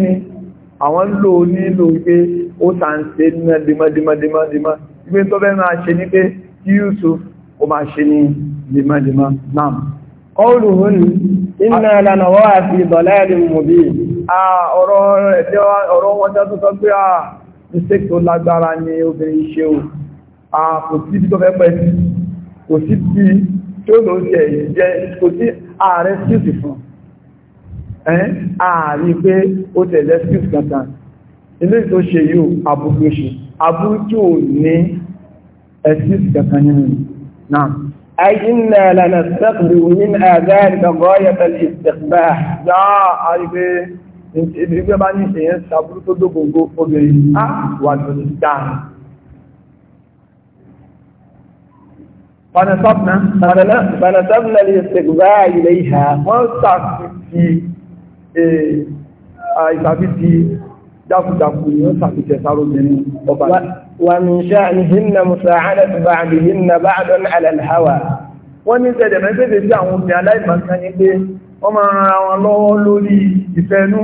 àwọn lò nílò pé ó sàǹsẹ̀ nínú dìmọ́dìmọ́dìmọ́ ìgbé tó bẹ́ẹ̀ máa ṣe ní pé Yusuf ó máa ṣe ní dìmọ́dìmọ́ náà قولهن إنا لنرى في ضلال مبين ọ̀rọ̀ ẹ̀jẹ́ ọ̀rọ̀ wọn jẹ́ tó sọ pé à mistake tó lágbára ni obìnrin ṣe o kò sí ibi tó fẹ́ pẹ́ sí kò sí bí tó ló jẹ́ ìjẹ́ kò sí ààrẹ skills fún ààrí pé ó tẹ̀lẹ̀ skills kankan ilé tó ṣe yóò abúrú ṣe abúrú ò ní skills kankan nínú náà أي إنا لنستقبل من ذلك غاية الاستقباح يا أيدي ìgbẹ́ bá ní ṣe yẹn ṣàbúrú tó dógógó obìnrin á wà lórí dáa bànàtọ́bùnà lè ṣègbà ilẹ̀ ìhà wọ́n sàfífí ìsàfífí jákùjákù ni wọ́n sàfífẹ́ sáróbìnrin ọba ومن شأنهن مساعدة بعضهن بعضا على الهوى wọ́n ní tẹ̀lẹ̀ mẹ́sẹ̀lẹ̀ sí àwọn obìnrin aláìmọ̀kan ní pé wọ́n máa ra wọn lọ́wọ́ lórí ìfẹ́nú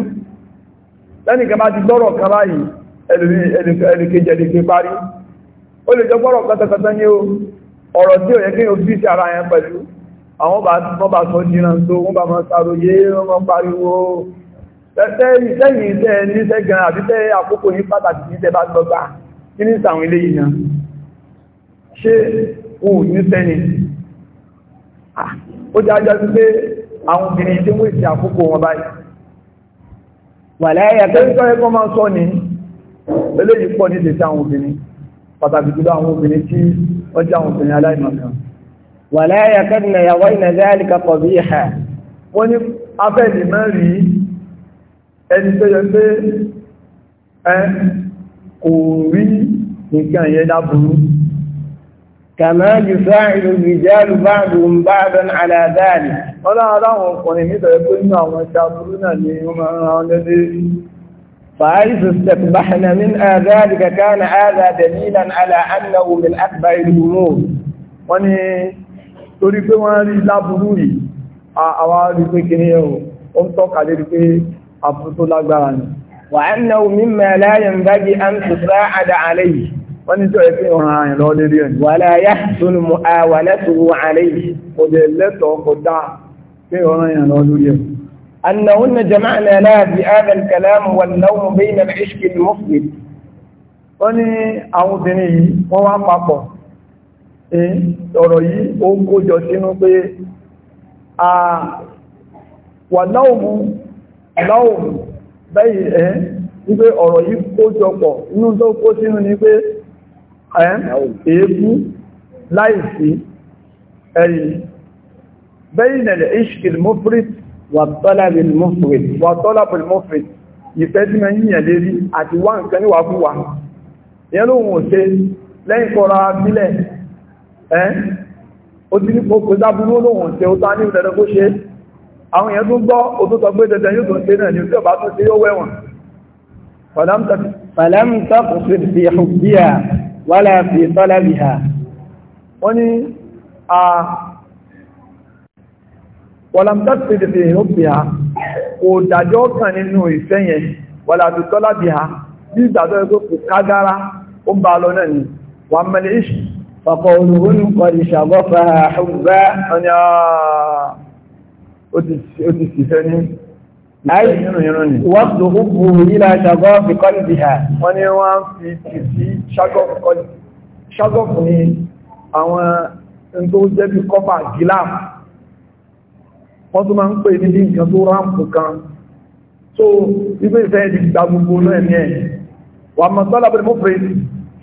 lẹ́nìkan bá ti gbọ́rọ̀ kan báyìí ẹnìkejì ẹnìkejì parí ó lè jọ gbọ́rọ̀ kọ́tọ̀kọ́tọ́ ní o ọ̀rọ̀ tí ò yẹ kí o bí sí ara yẹn pẹ̀lú àwọn wọ́n bá sọ jìnnà tó wọ́n bá máa sàròyé wọ́n máa pariwo tẹ́yìn iṣẹ́ ní iṣẹ́ gan àbí tẹ́ àkókò ní pàtàkì ní tẹ́ bá gbọ́gbà kíní sàwọn ilé yìí náà ṣe ohun ní sẹ́ni ah, ó jájá sí pé àwọn obìnrin tí wọ́n ìsìn àkókò wọn báyìí wà láyé tó ń sọ ẹ̀kọ́ máa sọ ní eléyìí pọ̀ ní ìdẹ̀sí àwọn obìnrin pàtàkì jùlọ àwọn obìnrin tí wọ́n jẹ́ àwọn obìnrin aláìmọ̀kan wà afẹ́ ìlú mẹ́rin ẹni tó yẹ pé kò rí nǹkan yẹn dábúrú kàmá jù sáàrù ìjálù bá dùn bá dán àlàdáàlì ọlọ́run ọkùnrin nítorí pé nínú àwọn ìṣàbúrú náà ni wọ́n máa ń rán lẹ́lẹ́ فعرف استقبحنا من ذلك كان هذا دليلا على أنه من أكبر الأمور wọ́n ní torí pé wọ́n rí láburú yìí àwọn rí pé kìnnìyàn ń tọ́ka lérí pé àbúrú lágbára ni وأنه مما لا ينبغي أن تساعد عليه ولا يحسن مؤاولته عليه أنهن جمعنا لها في هذا الكلام والنوم بين العشق المفلت wọ́n ní àwọn obìnrin yìí wọ́n wá papọ̀ ọ̀rọ̀ yìí ó ń kójọ sínú pé wà náà báyìí ẹ́ wípé ọ̀rọ̀ yìí kó jọpọ̀ inú tó kó sínú ni pé èébú láìsí ẹ̀rì bẹ́yìn ẹ̀lẹ̀ ishkil mufrit wà tọ́lábìl mufrit ìfẹ́ tí ma yíyàn lérí àti wá nǹkan níwà fún wa ìyẹn ló wọ́n ṣe lẹ́yìn kọ́ra sílẹ̀ ẹ́ ó ti ní kò kò dábúrú lóhùn ṣe ó tá ní ìdẹ̀rẹ̀ kó ṣe àwọn èèyàn tó gbọ́ òtútọ̀ gbé dandan yóò tó ń ṣe náà ni tí ọba tó ṣe yóò wẹ̀wọ̀n fàlámùtà kò sí fi hùbíà wálà fi tọ́lábìhà wọ́n ni a wàlámùtà sí fi hùbíà kò dájọ́ kan nínú ìfẹ́ yẹn wàlà fi wà mẹ́lẹ̀ ìṣ ó ti ṣiṣẹ́ ní wọ́n tó hùbù nílá ṣàgọ́ọ̀fì kọ́lì bí ha wọ́n ni wọ́n fi ti sí ṣàgọ́ọ̀fì ní àwọn tó jẹ́ bí kọ́fà gílám wọ́n tó máa ń pè ní bí nǹkan tó ráǹpù kan tó wípé ìfẹ́ ìdí gbà gbogbo náà ní ẹ̀ wà mọ̀ sọ́lá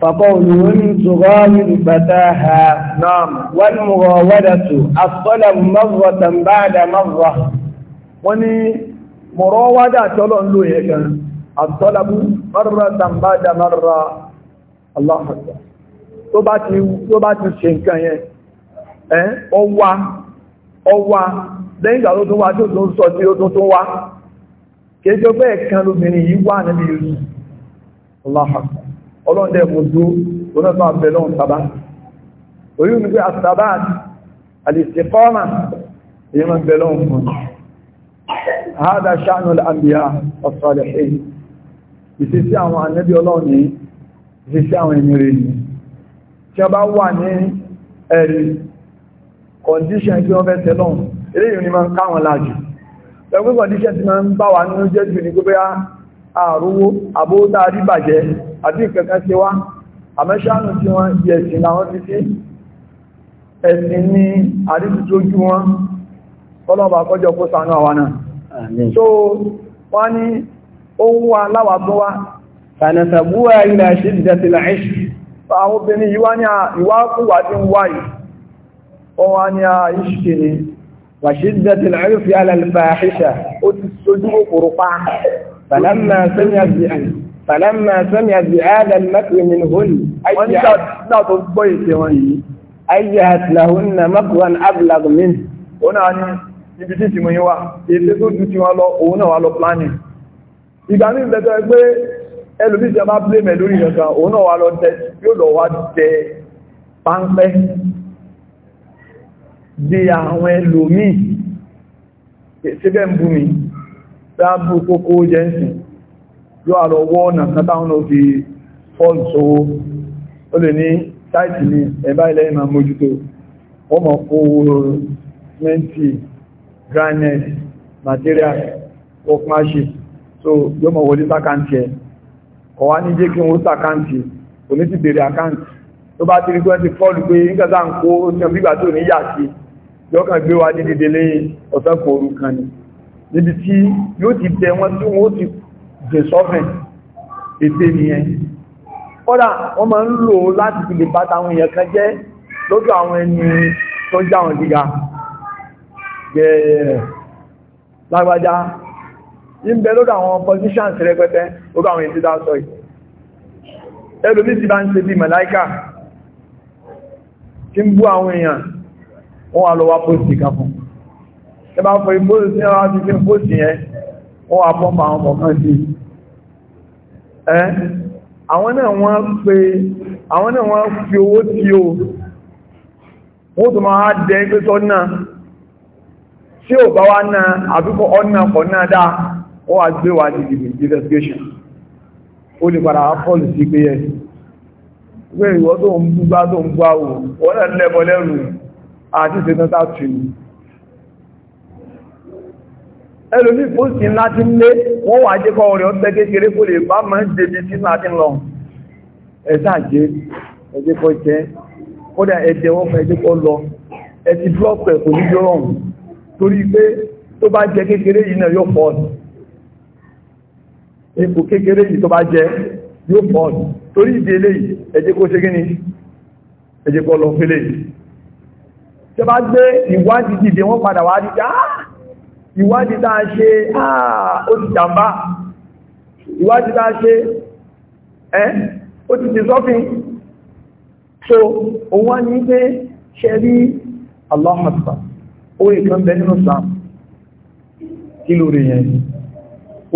فقولهم تغامر فتاها نعم والمغاولة الطلب مرة بعد مرة وني مراودة تلون له الطلب مرة بعد مرة الله ọlọ́ndẹ̀ mọ̀dú lọ́nà àbẹ̀lọ́n sábá orí mi pé àsábá alìsìkọ́mà èyí ma bẹ̀lọ́n fún hádá ṣánú àmìyà ọ̀sọ̀lẹ̀ṣẹ́ ìsìsí àwọn anẹ́bí ọlọ́ni ìsìsí àwọn ènìyàn ni tí wọ́n bá wà ní ẹ̀rí kọndíṣẹ́ tí wọ́n fẹ́ tẹ́lọ́n eléyìí ni ma ń ẹgbẹ́ kọndíṣẹ́ ti ma ń bá wà nínú jẹ́ jù ní gbogbo àrúwó àbótárí bàjẹ́ àbí ìkẹ̀kẹ́ ṣe wá àmẹ́ṣánù tí wọ́n di ẹ̀sìn láwọn ti sí ẹ̀sìn ní àríjújójú wọn ọlọ́bà kọjọ kó sànú àwọn náà so wọ́n ní ohun wa láwà tó wá sànàtàbúwà ilẹ̀ ṣídìdàtìlà ẹ̀ṣì àwọn obìnrin yíwá ní ìwákúwà tí ń wáyìí ọwá ní a ìṣìkè ni fàlámà sọ́mi àti àádà mẹ́kùnrin nínú hóòlù. wọ́n ní náà tó gbọ́ ìṣe wọn yìí. ayé àtìláhùn náà mẹ́kùnrin abúlàgù mi. ó náà ní ibi tí tìmọ̀ yín wá èlé tó ju tiwọn lọ òun náà wà lọ pílánì. ìgbà mi bẹ̀tọ̀ pé ẹlòmíì ti blé mẹ́ lórí ìyọ̀kan òun náà wà yóò àrọ̀ owó ọ̀nà kátàwọn ló fọ́ọ̀lù sówó ó lè ní táìtì ní ẹ̀bá ilẹ̀ ìmà mójútó wọ́n mọ̀ mẹ́ntì granite material workmanship so yóò mọ̀ wọlé sákàntì ẹ̀ kọ̀ wá ní jẹ́ kí wọ́n sákàntì òní ti bèèrè àkántì tó bá ti rí pé fọ́ọ̀lù pé ń kó bígbà tó ní yà sí gbé wa ní kan ni níbi tí yóò ti bẹ wọn tí ti jésọ́fìn ètè nìyẹn kódà wọ́n máa ń lò láti fi lè bá táwọn èèyàn kan jẹ́ lójú àwọn ẹni tó ń jáwọn gíga gẹ̀ẹ́ lágbájá ń bẹ lójú àwọn politicians rẹpẹtẹ lójú àwọn ètè dáṣọ yìí ẹlòmí ti bá ń ṣe bí màláíkà tí ń bú àwọn èèyàn wọ́n wà lọ wá pósì kan fún ẹ bá fọ ìpósì sí ọwá ti fi pósì yẹn ó wà pọ́pọ̀ àwọn ọmọ kan sí ẹ́ àwọn náà wọ́n pé àwọn náà wọ́n fi owó tí ó wọ́n tó máa dẹ́ pé sọ náà tí ò bá wá náà àbíkọ́ ọ̀nà pọ̀ náà dáa ó wà gbé wà ní investigation ó lè padà fọ́lù sí pé ẹ̀ pé ìwọ́ tó ń bú bá tó ń bú àwò wọ́n náà lẹ́bọ̀ lẹ́rù àti ìṣẹ́tọ́ta ẹlòmí fóòsì ńlá ti lé wọ́n wà jẹ́ kọ́ rẹ̀ ọ́tẹ́ kékeré kó lè bá máa ń débi tí ńlá ti lọ ẹ̀dá jẹ́ ẹjẹ́ kọ́ jẹ́ kódà ẹ̀dẹ̀ wọ́n fẹ́ ẹjẹ́ kọ́ lọ ẹti blọ́ọ̀kù ẹ̀kù ní jọ́rọ̀hùn torí pé tó bá jẹ kékeré yìí náà yóò pọ̀ ipò kékeré yìí tó bá jẹ yóò pọ̀ torí ìdílé yìí ẹjẹ́ kó ṣe kí ni ẹjẹ́ kọ́ lọ fẹ́lẹ̀ yìí tẹ bá gbé ìwádìí dìde wọ́n padà wá dìde áá ìwádìí tá a ṣe àà ah, ó ti jàmbá ìwádìí tá a ṣe ẹ́ ó ti ti sọ́fin so òun wá ní pé ṣe rí Allahu Akbar orí kan bẹ nínú sam kí ló rí yẹn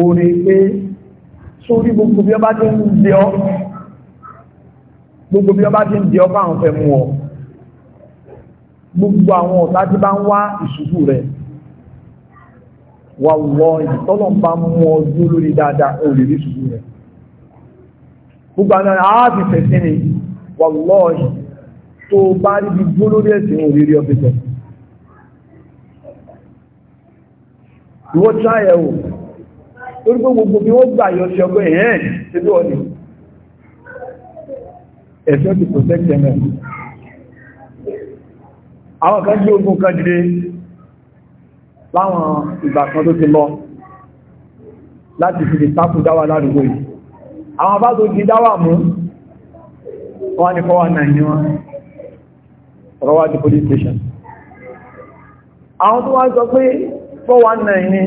orí pé sórí gbogbo bí ọba ti ń di ọ gbogbo bí ọba ti ń di ọ báwọn fẹ́ mú ọ gbogbo àwọn ọ̀tá tí bá ń wá ìṣubú rẹ̀ wallahi tọ́lọ̀ bá mú ọdún lórí dáadáa olèrí ṣubú rẹ̀ gbogbo àwọn ààbì fẹ̀sí ni wallahi tó bá rí bí gbó lórí ẹ̀sìn olèrí ọ̀fẹ́fẹ́ ìwọ́n tráyẹ̀ o torí pé gbogbo bí wọ́n gbà yọ sí ọgbẹ́ ẹ̀hẹ́n tí ó ní ẹ̀sọ́ ti protect ẹ̀mẹ́ àwọn kan tí ogun kan dìde láwọn ìgbà kan tó ti lọ láti fi lè tákù dáwà ládùúgbò yìí àwọn bá tó ti dáwà mú wọ́n ní fọ́wà náà ní wọ́n rọ́wà di police station àwọn tó wá sọ pé fọ́wà náà ní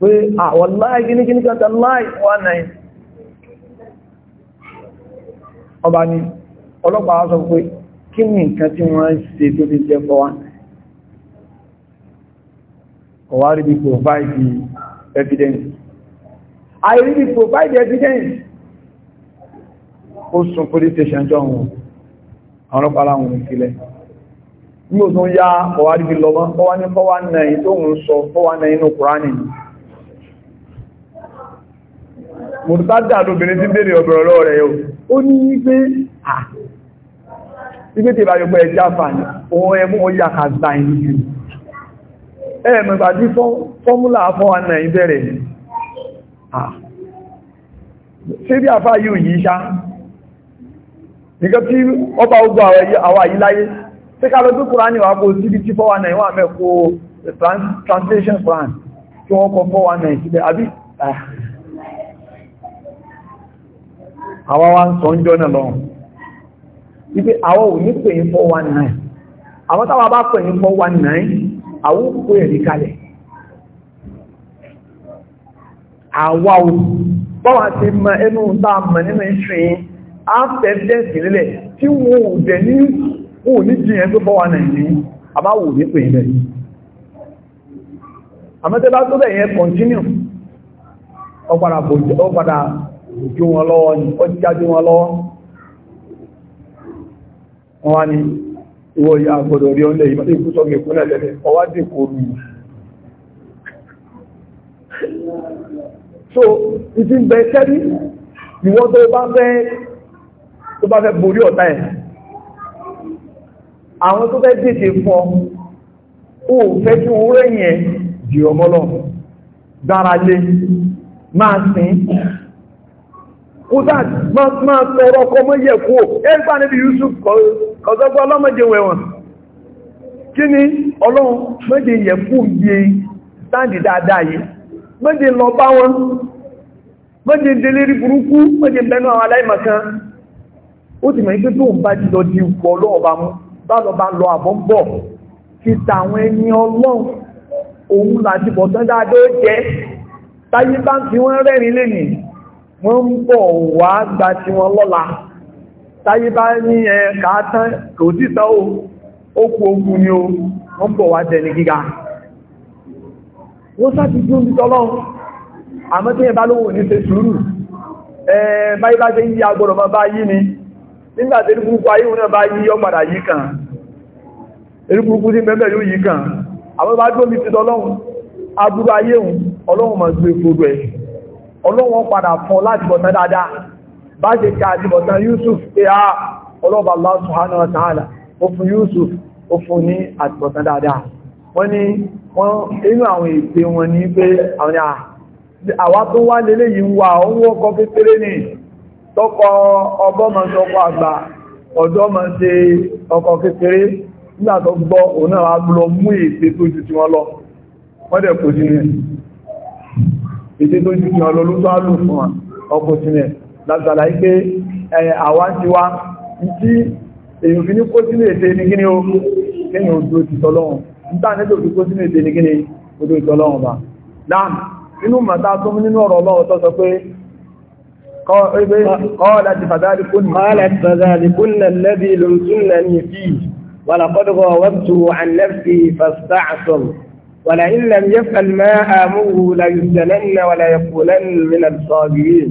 pé àwọn láì gínígíní kẹta láì fọ́wà náà ọba ni ọlọ́pàá sọ pé kí ni nǹkan tí wọ́n ṣe tó fi jẹ́ fọ́wà náà or already provide the evidence. I already provide the evidence. Ó sùn police station jọ wọn, àwọn ọlọ́pàá láwọn ìfilẹ̀. Ní ò tún yá ọ̀wárí bí lọ́wọ́, ó wá ní 419 tó ń sọ 419 inú Kùránì. Mùtádà lóbìnrin tí bèèrè ọ̀bẹ̀rẹ̀ lọ́wọ́ rẹ̀ yóò. Ó ní wípé, ah, wípé tí ìbáyọ̀pẹ̀ ẹjá fà ní, òun ẹmú ó yà kà gbà ìlú ẹ̀mẹ̀bà tí fọ́múlà fọ́ ànà ìbẹ̀rẹ̀ ṣe bí àfá yìí yìí ṣá nìkan tí ọba ogun àwà yìí láyé tí ká lọ tó kùránì wà kó sí bí tí ìwà mẹ́kó translation plan tí wọ́n kọ fọ́ ànà ìsìlẹ̀ àbí àwọn òkú ẹ̀rí kalẹ̀ àwa o báwa ti mọ ẹnu tá a mọ̀ nínú ìṣẹ́ àfẹ́fẹ́sì lílẹ̀ tí wọ́n ò dẹ̀ ní kò ní jìyàn tó bọ́wà nàìjírí àbáwò ní pè ilẹ̀ àmọ́tẹ́bá tó bẹ̀ yẹn kọ̀ntínú ọgbàdà bòjú wọn lọ́wọ́ ni ọjíjájú wọn lọ́wọ́ wọn ni ìwọ ya agbọ̀dọ̀ rí ọ́nlẹ̀ ìbáde ìkúsọ́gbẹ̀ ìkúnlẹ̀ lẹ́lẹ̀ ọwá dìkò rú so ìtí bẹ sẹ́rí ìwọ tó bá fẹ́ tó bá fẹ́ borí ọ̀tá ẹ̀ àwọn tó fẹ́ dìde fọ́ ó fẹ́ kí wọ́n rẹ̀yìn ẹ̀ jì ọmọlọ dára lé máa sìn kúdà máa tọrọ ọkọ̀ mọ́ yẹ̀ kú ẹgbà níbi Yusuf ọ̀sọ́gbọ́ ọlọ́mọdé wẹ̀wọ̀n kí ni ọlọ́run méje yẹ fún iye sáàdì dáadáa yìí méje lọ bá wọn méje delérí burúkú méje bẹnu àwọn aláìmọ̀kan ó ti mọ̀ ní pé tó ń bá ti lọ di ipò ọlọ́ọ̀bá mú bá lọ bá lọ àbọ̀ ń bọ̀ ti tàwọn ẹni ọlọ́run òun láti bọ̀ tán dáadáa jẹ́ táyé bá ń fi wọ́n rẹ́rin lẹ́nìí wọ́n ń bọ̀ wá gba tiwọn lọ́la táyé bá ní ẹ kàátán kò títà ó okù ogun ni ó wọ́n bọ̀ wá jẹ ní gíga wọ́n sáti jú ní tọ́lọ́n àmọ́ tí ẹbá lówó ní ṣe sùúrù ẹ báyí bá ṣe yí agbọ́rọ̀ bá yí ni nígbàtí erékùnkú ayé wọn bá yí ọ padà yí kàn erékùnkú sí mẹ́mẹ́ yóò yí kàn àwọn bá dómi ti tọ́lọ́hun agbúrú ayé òun ọlọ́hun mọ̀ sí ìfòrò ẹ̀ ọlọ́hun padà fún láti bọ̀tán dáadáa bá ṣe ká àdìbọ̀tán Yusuf pé á ọlọ́bà Allah subhanahu wa ó fún Yusuf ó fún ní àdìbọ̀tán dáadáa wọ́n ni wọ́n inú àwọn wọn ní pé àwọn àwá tó wá lélé yìí wà kékeré ní tọ́kọ àgbà ọ̀dọ́ ma tó lọ wọ́n látàlá ipé àwa ti wá tí èyàn fi ní kó sínú ètè ní gíní o kéyàn ojú ti tọ́lọ́run nígbà nílò fi kó sínú ètè ní gíní ojú ìtọ́lọ́run bá dáàm inú màtá tó mú nínú ọ̀rọ̀ ọlọ́run tó sọ pé قالت فذلكن عن نفسي فاستعصم ولئن لم يفعل ما آمره ليسجنن ولا يكونن من الصاغرين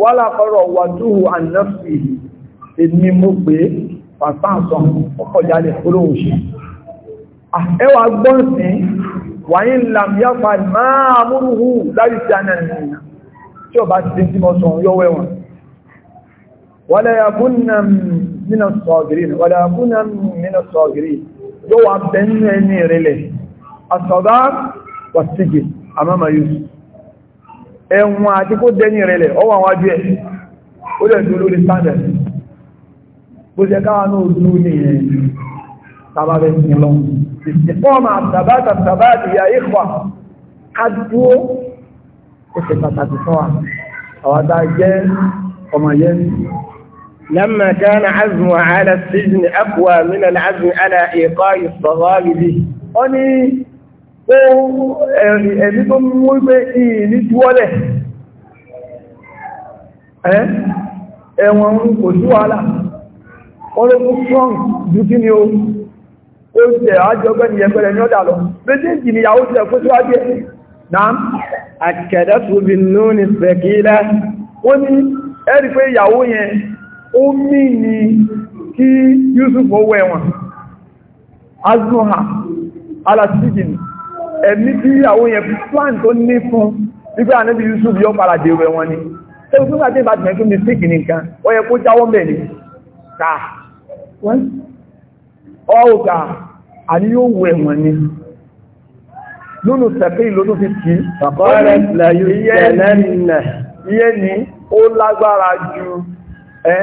wọ́lá kọ́rọ̀ wà dúhù ànáfì èmi mú pé pàtàkùn ọkọ̀jálẹ̀ olóhùn ṣe ẹwà gbọ́n sí wáyé làmìyàpá máa múrùhù láti ti ànà nìyàn tí ó bá ti tí mọ́ sọ yọ́wẹ́ wọn wọ́lá yakúnnà mínà sọ̀gìrì ẹ̀wọ̀n àti kó dẹni rẹ̀lẹ̀ ọwọ́ àwọn ajú ẹ̀ ó lẹ̀ dúró lórí standard bó ṣe káwà náà dúró ní ẹ̀ tàbábẹ̀ sí lọ ìfọ́mà tàbátà tàbátì ya ìkwà kádúó ó pàtàkì fún àwádá jẹ́ ọmọ yẹn لما كان عزم على السجن أقوى من العزم على إيقاع الصغار به أني ẹ̀mí tó mú wípé ìní juwọ́lẹ̀ ẹ̀wọ̀n kò sí wàhálà ọlọ́pù strong jù kí ni o ó jẹ́ àjọgbẹ́ ni ẹgbẹ̀rẹ̀ ní ọ̀dà lọ méjèèjì ni yàwó jẹ́ kó síwájú ẹ̀ náà àkẹ́dẹ́tù bí lónìí sẹ̀kílá ó ní ẹ̀rí pé ìyàwó yẹn ó mí ni kí Yusuf owó ẹ̀wọ̀n azúhà alàtíjìnì ẹ̀mí tí àwọn yẹn plan tó ní fún wípé ànábì Yusuf yọ padà dèrò ẹ̀wọ̀n ni tó fún àti ìbá tìmẹ̀ fún mistake nìkan ó yẹ kó jáwọ́ mẹ́ ni ká ọ̀ọ̀gá àní yóò wọ ẹ̀wọ̀n ni lónù sẹ̀fẹ́ ìlónù fi kì iye ni ó lágbára ju ẹ́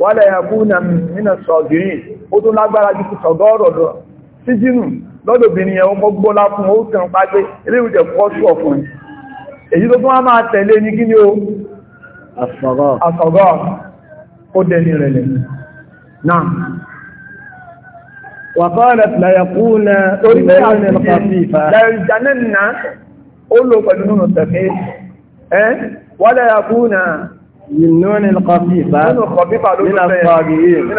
wálẹ̀ ẹ̀kú nà mínà sọ̀gìrì ó tó lágbára ju sọ̀gọ́rọ̀ sí jínú lọ́dọ̀bìnrin yẹn wọ́n gbọ́lá fún ó kàn pá pé eléwì jẹ́ pọ́sù ọ̀fún èyí tó tún wá máa tẹ̀lé ní kíni o àsọ̀gọ́ ó dẹni rẹ̀lẹ̀ náà wàfáàrẹ̀ láyàkúnà orílẹ̀ Yìnúnì kọfífà nínú àtọ̀gìrín.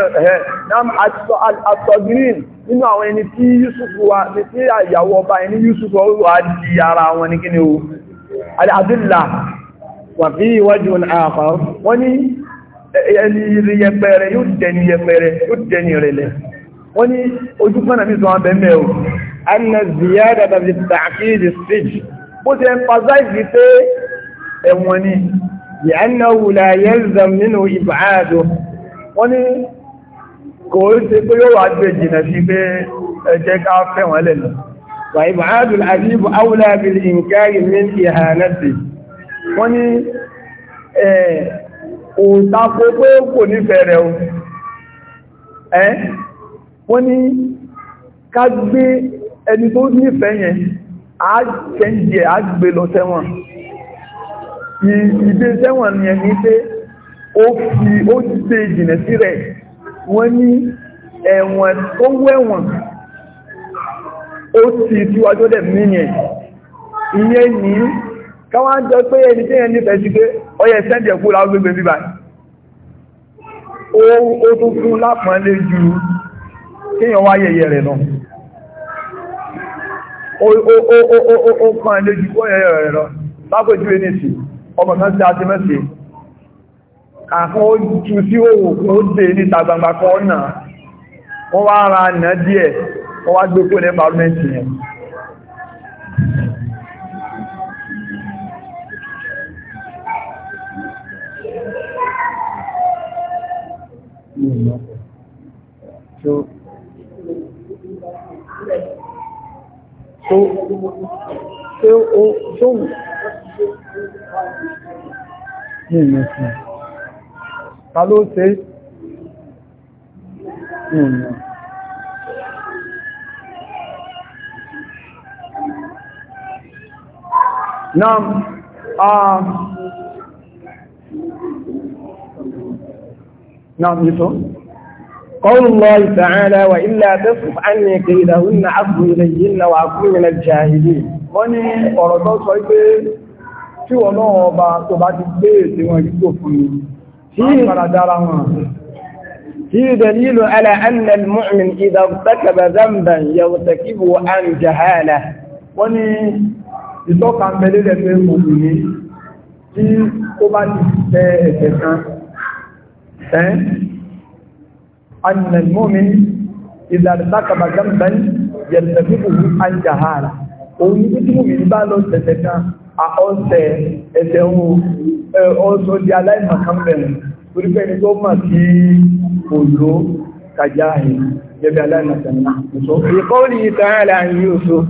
Àtọ̀gìrín nínú àwọn ẹni tí Yúsùfù wa, ní tí àyàwó ọba ẹni Yúsùfù wà di ara wọn ní kíni o. Àdìlà wà fí ìwájú àpá wọ́n ní ẹni yẹpẹrẹ yóò dẹni yẹpẹrẹ yóò dẹni rẹ̀lẹ̀. Wọ́n ní ojú pẹ́nà mi sọ abẹ́mẹ́ o. Anna ziyada tàbí tàkìdì لأنه لا يلزم منه إبعاده wọ́n ní kò ó ṣe pé yóò wà gbé jìnà sí pé ẹjẹ́ ká fẹ́ wọn lẹ́lọ wà ìbáàdù àdíbò áwùlábì ìǹkárí ní ìhànàtì wọ́n ní ẹ̀ kò tako pé kò nífẹ̀ẹ́ rẹ̀ o ẹ́ wọ́n ní ká gbé ẹni tó nífẹ̀ẹ́ yẹn á jẹ́ ń jẹ́ á gbé lọ sẹ́wọ̀n ìdé sẹ́wọ̀n ni ẹni pé ó fi ó ṣe ìjìnà sí rẹ̀ wọ́n ní ẹ̀wọ̀n tó wẹ̀wọ̀n ó ti tíwájú dẹ̀ míyàn ìyẹn ní káwá jọ pé ẹni tí ẹni nífẹ̀ẹ́ sí pé ọyẹ sẹ́ndì ẹ̀kú láwọn bíbá ó tó fún lápọ̀nlé ju kéèyàn wá yẹyẹ rẹ̀ náà ó pọ̀nlé ju kó yẹyẹ rẹ̀ lọ lápẹ̀jú ẹni sí ọmọ kan sí àti mẹ́sì kàkọ́ ó tú sí òwò kó ó dé níta gbangba kan ọ̀nà wọ́n wá ara nà díẹ̀ wọ́n wá gbé ní pàrọ́mẹ́ntì yẹn So, so, so, ní ìmẹ̀sì ta ló ṣe ìrìnà náà نعم يوسف قول الله تعالى وإلا تصف عني كيدهن عفو إليهن وعفو من الجاهلين wọ́n ní ọ̀rọ̀ tó sọ pé tí wọ́n náà ọba tó bá ti gbé èdè wọn yíò fún mi tí ìfàradára wọn tí dalilu ala anna al-mu'min idha irtakaba dhanban yartakibuhu an jahala wọ́n ní ìtọ́ka mẹ́lẹ́lẹ́ pé obìnrin tí ó bá ti tẹ ẹ̀ṣẹ̀ ọ̀sẹ̀ ẹ̀sẹ̀ ohun ọ̀sọ̀ di aláìmọ̀kánbẹ̀rẹ̀ torí pé ẹni tó mọ̀ sí òlò kàjáhì jẹ́bẹ̀ aláìmọ̀kánbẹ̀rẹ̀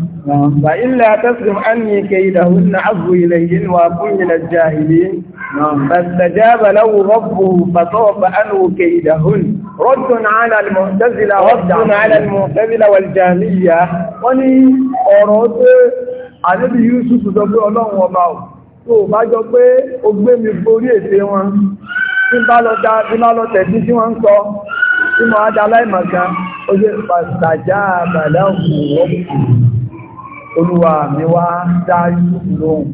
فاستجاب له ربه فصرف عنه كيدهن رد على المعتزلة رد على المعتزلة والجهمية وني أرد àníbi Yusuf sọ pé ọlọ́run ọba ò tó bá jọ pé o gbé mi borí ète wọn tí bá lọ tí bá lọ wọ́n ń sọ tí mo á da kan ó ṣe pàṣàjá àbàdà mi wá dá Yusuf lóhùn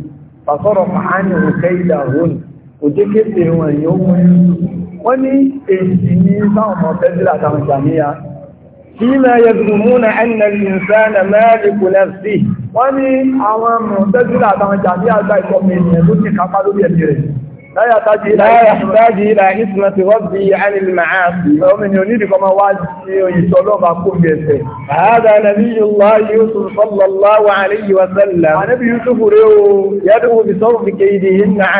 pàṣọrọ̀ òkè ìdà kò jẹ́ kéde wọn wọ́n ní èsì ní fíìmà yẹ̀dùnmúnà ẹnìyànsánà mẹ́rìnkù lẹ́sí wọ́n ní àwọn ọmọ bẹ́júlà àtàwọn jàbí àgbà ìkọ̀mọ̀ ènìyàn ló ní kápá lórí ẹ̀mí rẹ̀ láyà tájì ilá ìsìnàtì rọ́bì ànìlmàáàbì ọmọ ènìyàn ní ìdíkọ́ máa wá sí òyìnṣọ́ lọ́ba kó bí ẹsẹ̀ àádá nàbí yìlá yusuf sallallahu alayhi wa sallam ànábì yusuf rẹ̀ o yàdùn òbí sọ́rọ̀ fi kéde yìí náà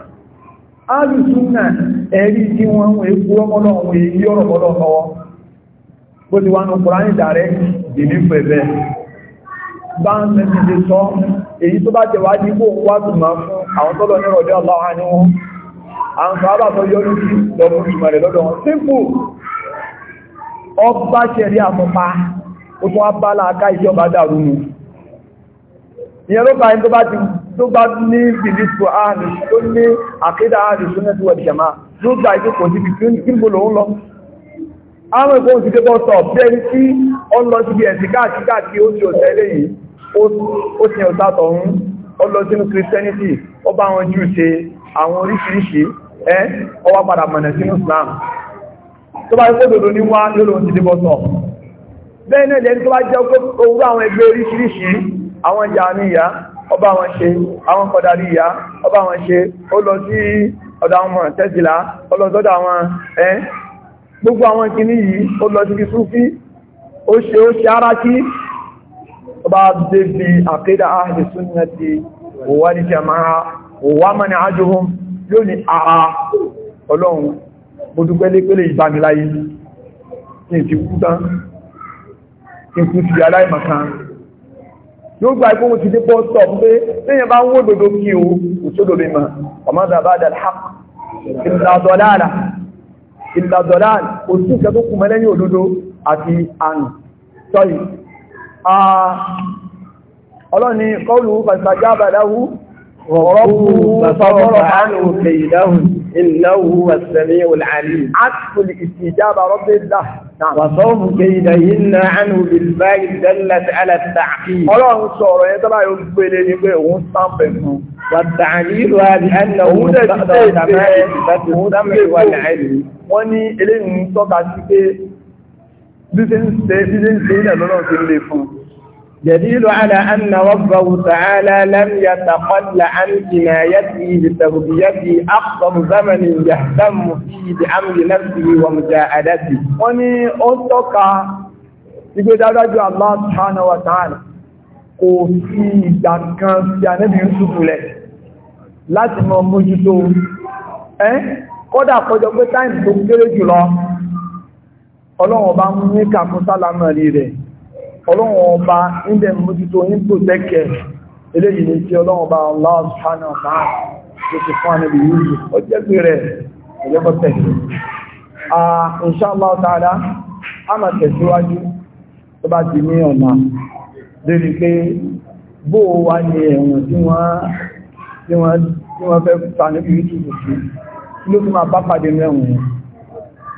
alùsùnà ẹ̀rí tí wọ́n ń epo ọmọlọ́wọ́ èyí ọ̀rọ̀mọ́lọ́ lọ́wọ́ bó ti wá ní Kùránì ìdàrẹ́ ìdìní pẹ̀lẹ̀ bá ń mẹ́sí ti sọ èyí tó bá tẹ̀wá ní kó wá túnmọ̀ fún àwọn tọ́lọ ní ọ̀dẹ́ ọláwà ní wọn àwọn sọ́ábà tó yọrù sí lọ́mún túnmọ̀ rẹ̀ lọ́dọ̀ wọn sípò ọba ṣẹ̀rí àmọ́pa ó tún wá bá ìyẹn ló báyìí tó bá ní bìlìsù ààrì tó ní àkídà ààrì sunnah wal jamaa ló gbà ìjókòó síbi tí ń bò lòun lọ àwọn ìkó òsì débọ́ sọ bẹ́ẹ̀ tí ó lọ síbi ẹ̀sì káàkiri káàkiri ó ti òtẹ́ eléyìí ó ti christianity ó bá wọn jù ṣe àwọn oríṣiríṣi ẹ́ ó wá padà mọ̀nà sínú islam tó bá ikú òdòdó ní wá lóòrùn ti débọ́ sọ bẹ́ẹ̀ náà àwọn jàmíyà ọba wọn ṣe àwọn kọ̀dàríyà ọba wọn ṣe ó lọ sí ọ̀dọ̀ àwọn mọ̀ tẹ́sìlá ó lọ sọ́dọ̀ àwọn ẹ́ gbogbo àwọn kìíní yìí ó lọ sí súfí ó ṣe ó ṣe ara kí ọba débi àkídà ahli ti yóò gba ikú ti dé bọ́ọ̀tọ̀ pé lẹ́yìn bá ń wó dòdó kí o òṣòdò lè máa ọmọ bàbá dalhaq ìlàdọ̀láàlà ìlàdọ̀láàlà òsì ìkẹ́ tó kùnmọ́ lẹ́yìn òdòdó àti ànù sọ́yì ọlọ́ni kọlù fàṣàjábà وصوم كيدهن عنه بالباء دلت على التعقيب ọlọ́run sọ ọ̀rọ̀ yẹn tọ́lá yóò gbélé ní pé òun sáfẹ́ fún والتعليل هذا أنه مستقدر تمام إثبات السمع والعلم wọ́n ní eléyìí ń tọ́ka sí pé bí ṣe ń ṣe bí ṣe ń ṣe ìdàlọ́rọ̀ sí ilé fún un دليل على أن ربه تعالى لم يتقل عن عنايته بتربيته أقصر زمن يهتم فيه بأمر نفسه ومجاهدته. وني أتوقع ìgbé dájú Allah subhanahu wa ta'ala kò sí ìgbà kan sí ànẹ́bì Yúsùfù lẹ̀ láti mọ mójútó ẹ́ kọ́dà kọjọ pé táìmù tó kéré jùlọ ọlọ́wọ̀n bá ń ní kàkún sálámọ̀ rí rẹ̀ ọlọ́run ọba níbẹ̀ mójútó ní pòtẹ́kẹ̀ eléyìí ní tí ọlọ́run ọba Allah subhanahu wa ta'ala tó ti fún àmì ìlú ọjọ́ pé rẹ̀ ọjọ́ tẹ̀sí insha Allah ta'ala a máa tẹ̀síwájú tó bá ti ní ọ̀nà lórí pé bó wá ní ẹ̀wọ̀n tí wọ́n fẹ́ ta níbi YouTube sí ló fi máa bá pàdé mẹ́wọ̀n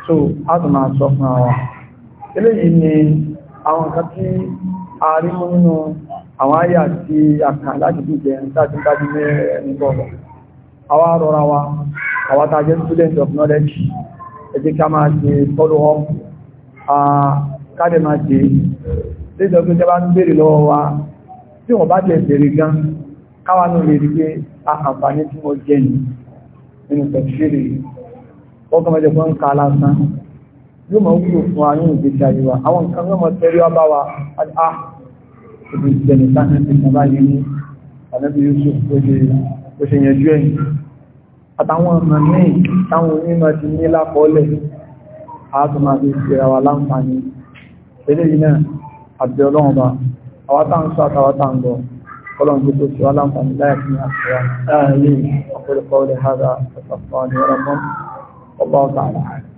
so a tún máa sọ fún àwọn eléyìí ni àwọn nǹkan tí a rí mú nínú àwọn ayé àti àkà láti bí jẹ láti dájú mẹ́rin bọ̀bọ̀ àwa rọra wa àwa tá student of knowledge ẹ jẹ́ ká máa ṣe follow up káàdẹ̀ máa ṣe lẹ́jọ́ pé jẹ́ bá ń béèrè lọ́wọ́ wa tí wọ́n bá jẹ́ béèrè gan káwa náà lè rí pé àǹfààní tí mo jẹ́ nínú pẹ̀lú ṣe rèé ọkọ̀ mẹ́jọ fún ń ka lásán yóò máa wúlò fún ayé ìgbésí ayé wa àwọn nǹkan yóò máa tẹ́lẹ̀ ọba wa a ìbí ìjẹ̀lẹ̀ sáà ti sábà yé ní ànábì Yusuf tó ṣe tó ṣe yẹn jú ẹ̀yìn àtàwọn ọmọ míì táwọn onímọ̀ ti ní lápọ̀ọ́lẹ̀ àátùmáfi ìṣẹ̀ra wa láǹfààní eléyìí náà àbí ọlọ́run bá àwọn táwọn sọ àtàwọn táwọn lọ قولهم بسوء سؤالا فهم لا يكون أحيانا آمين أقول قولي هذا أستغفر لي ولكم والله تعالى أعلم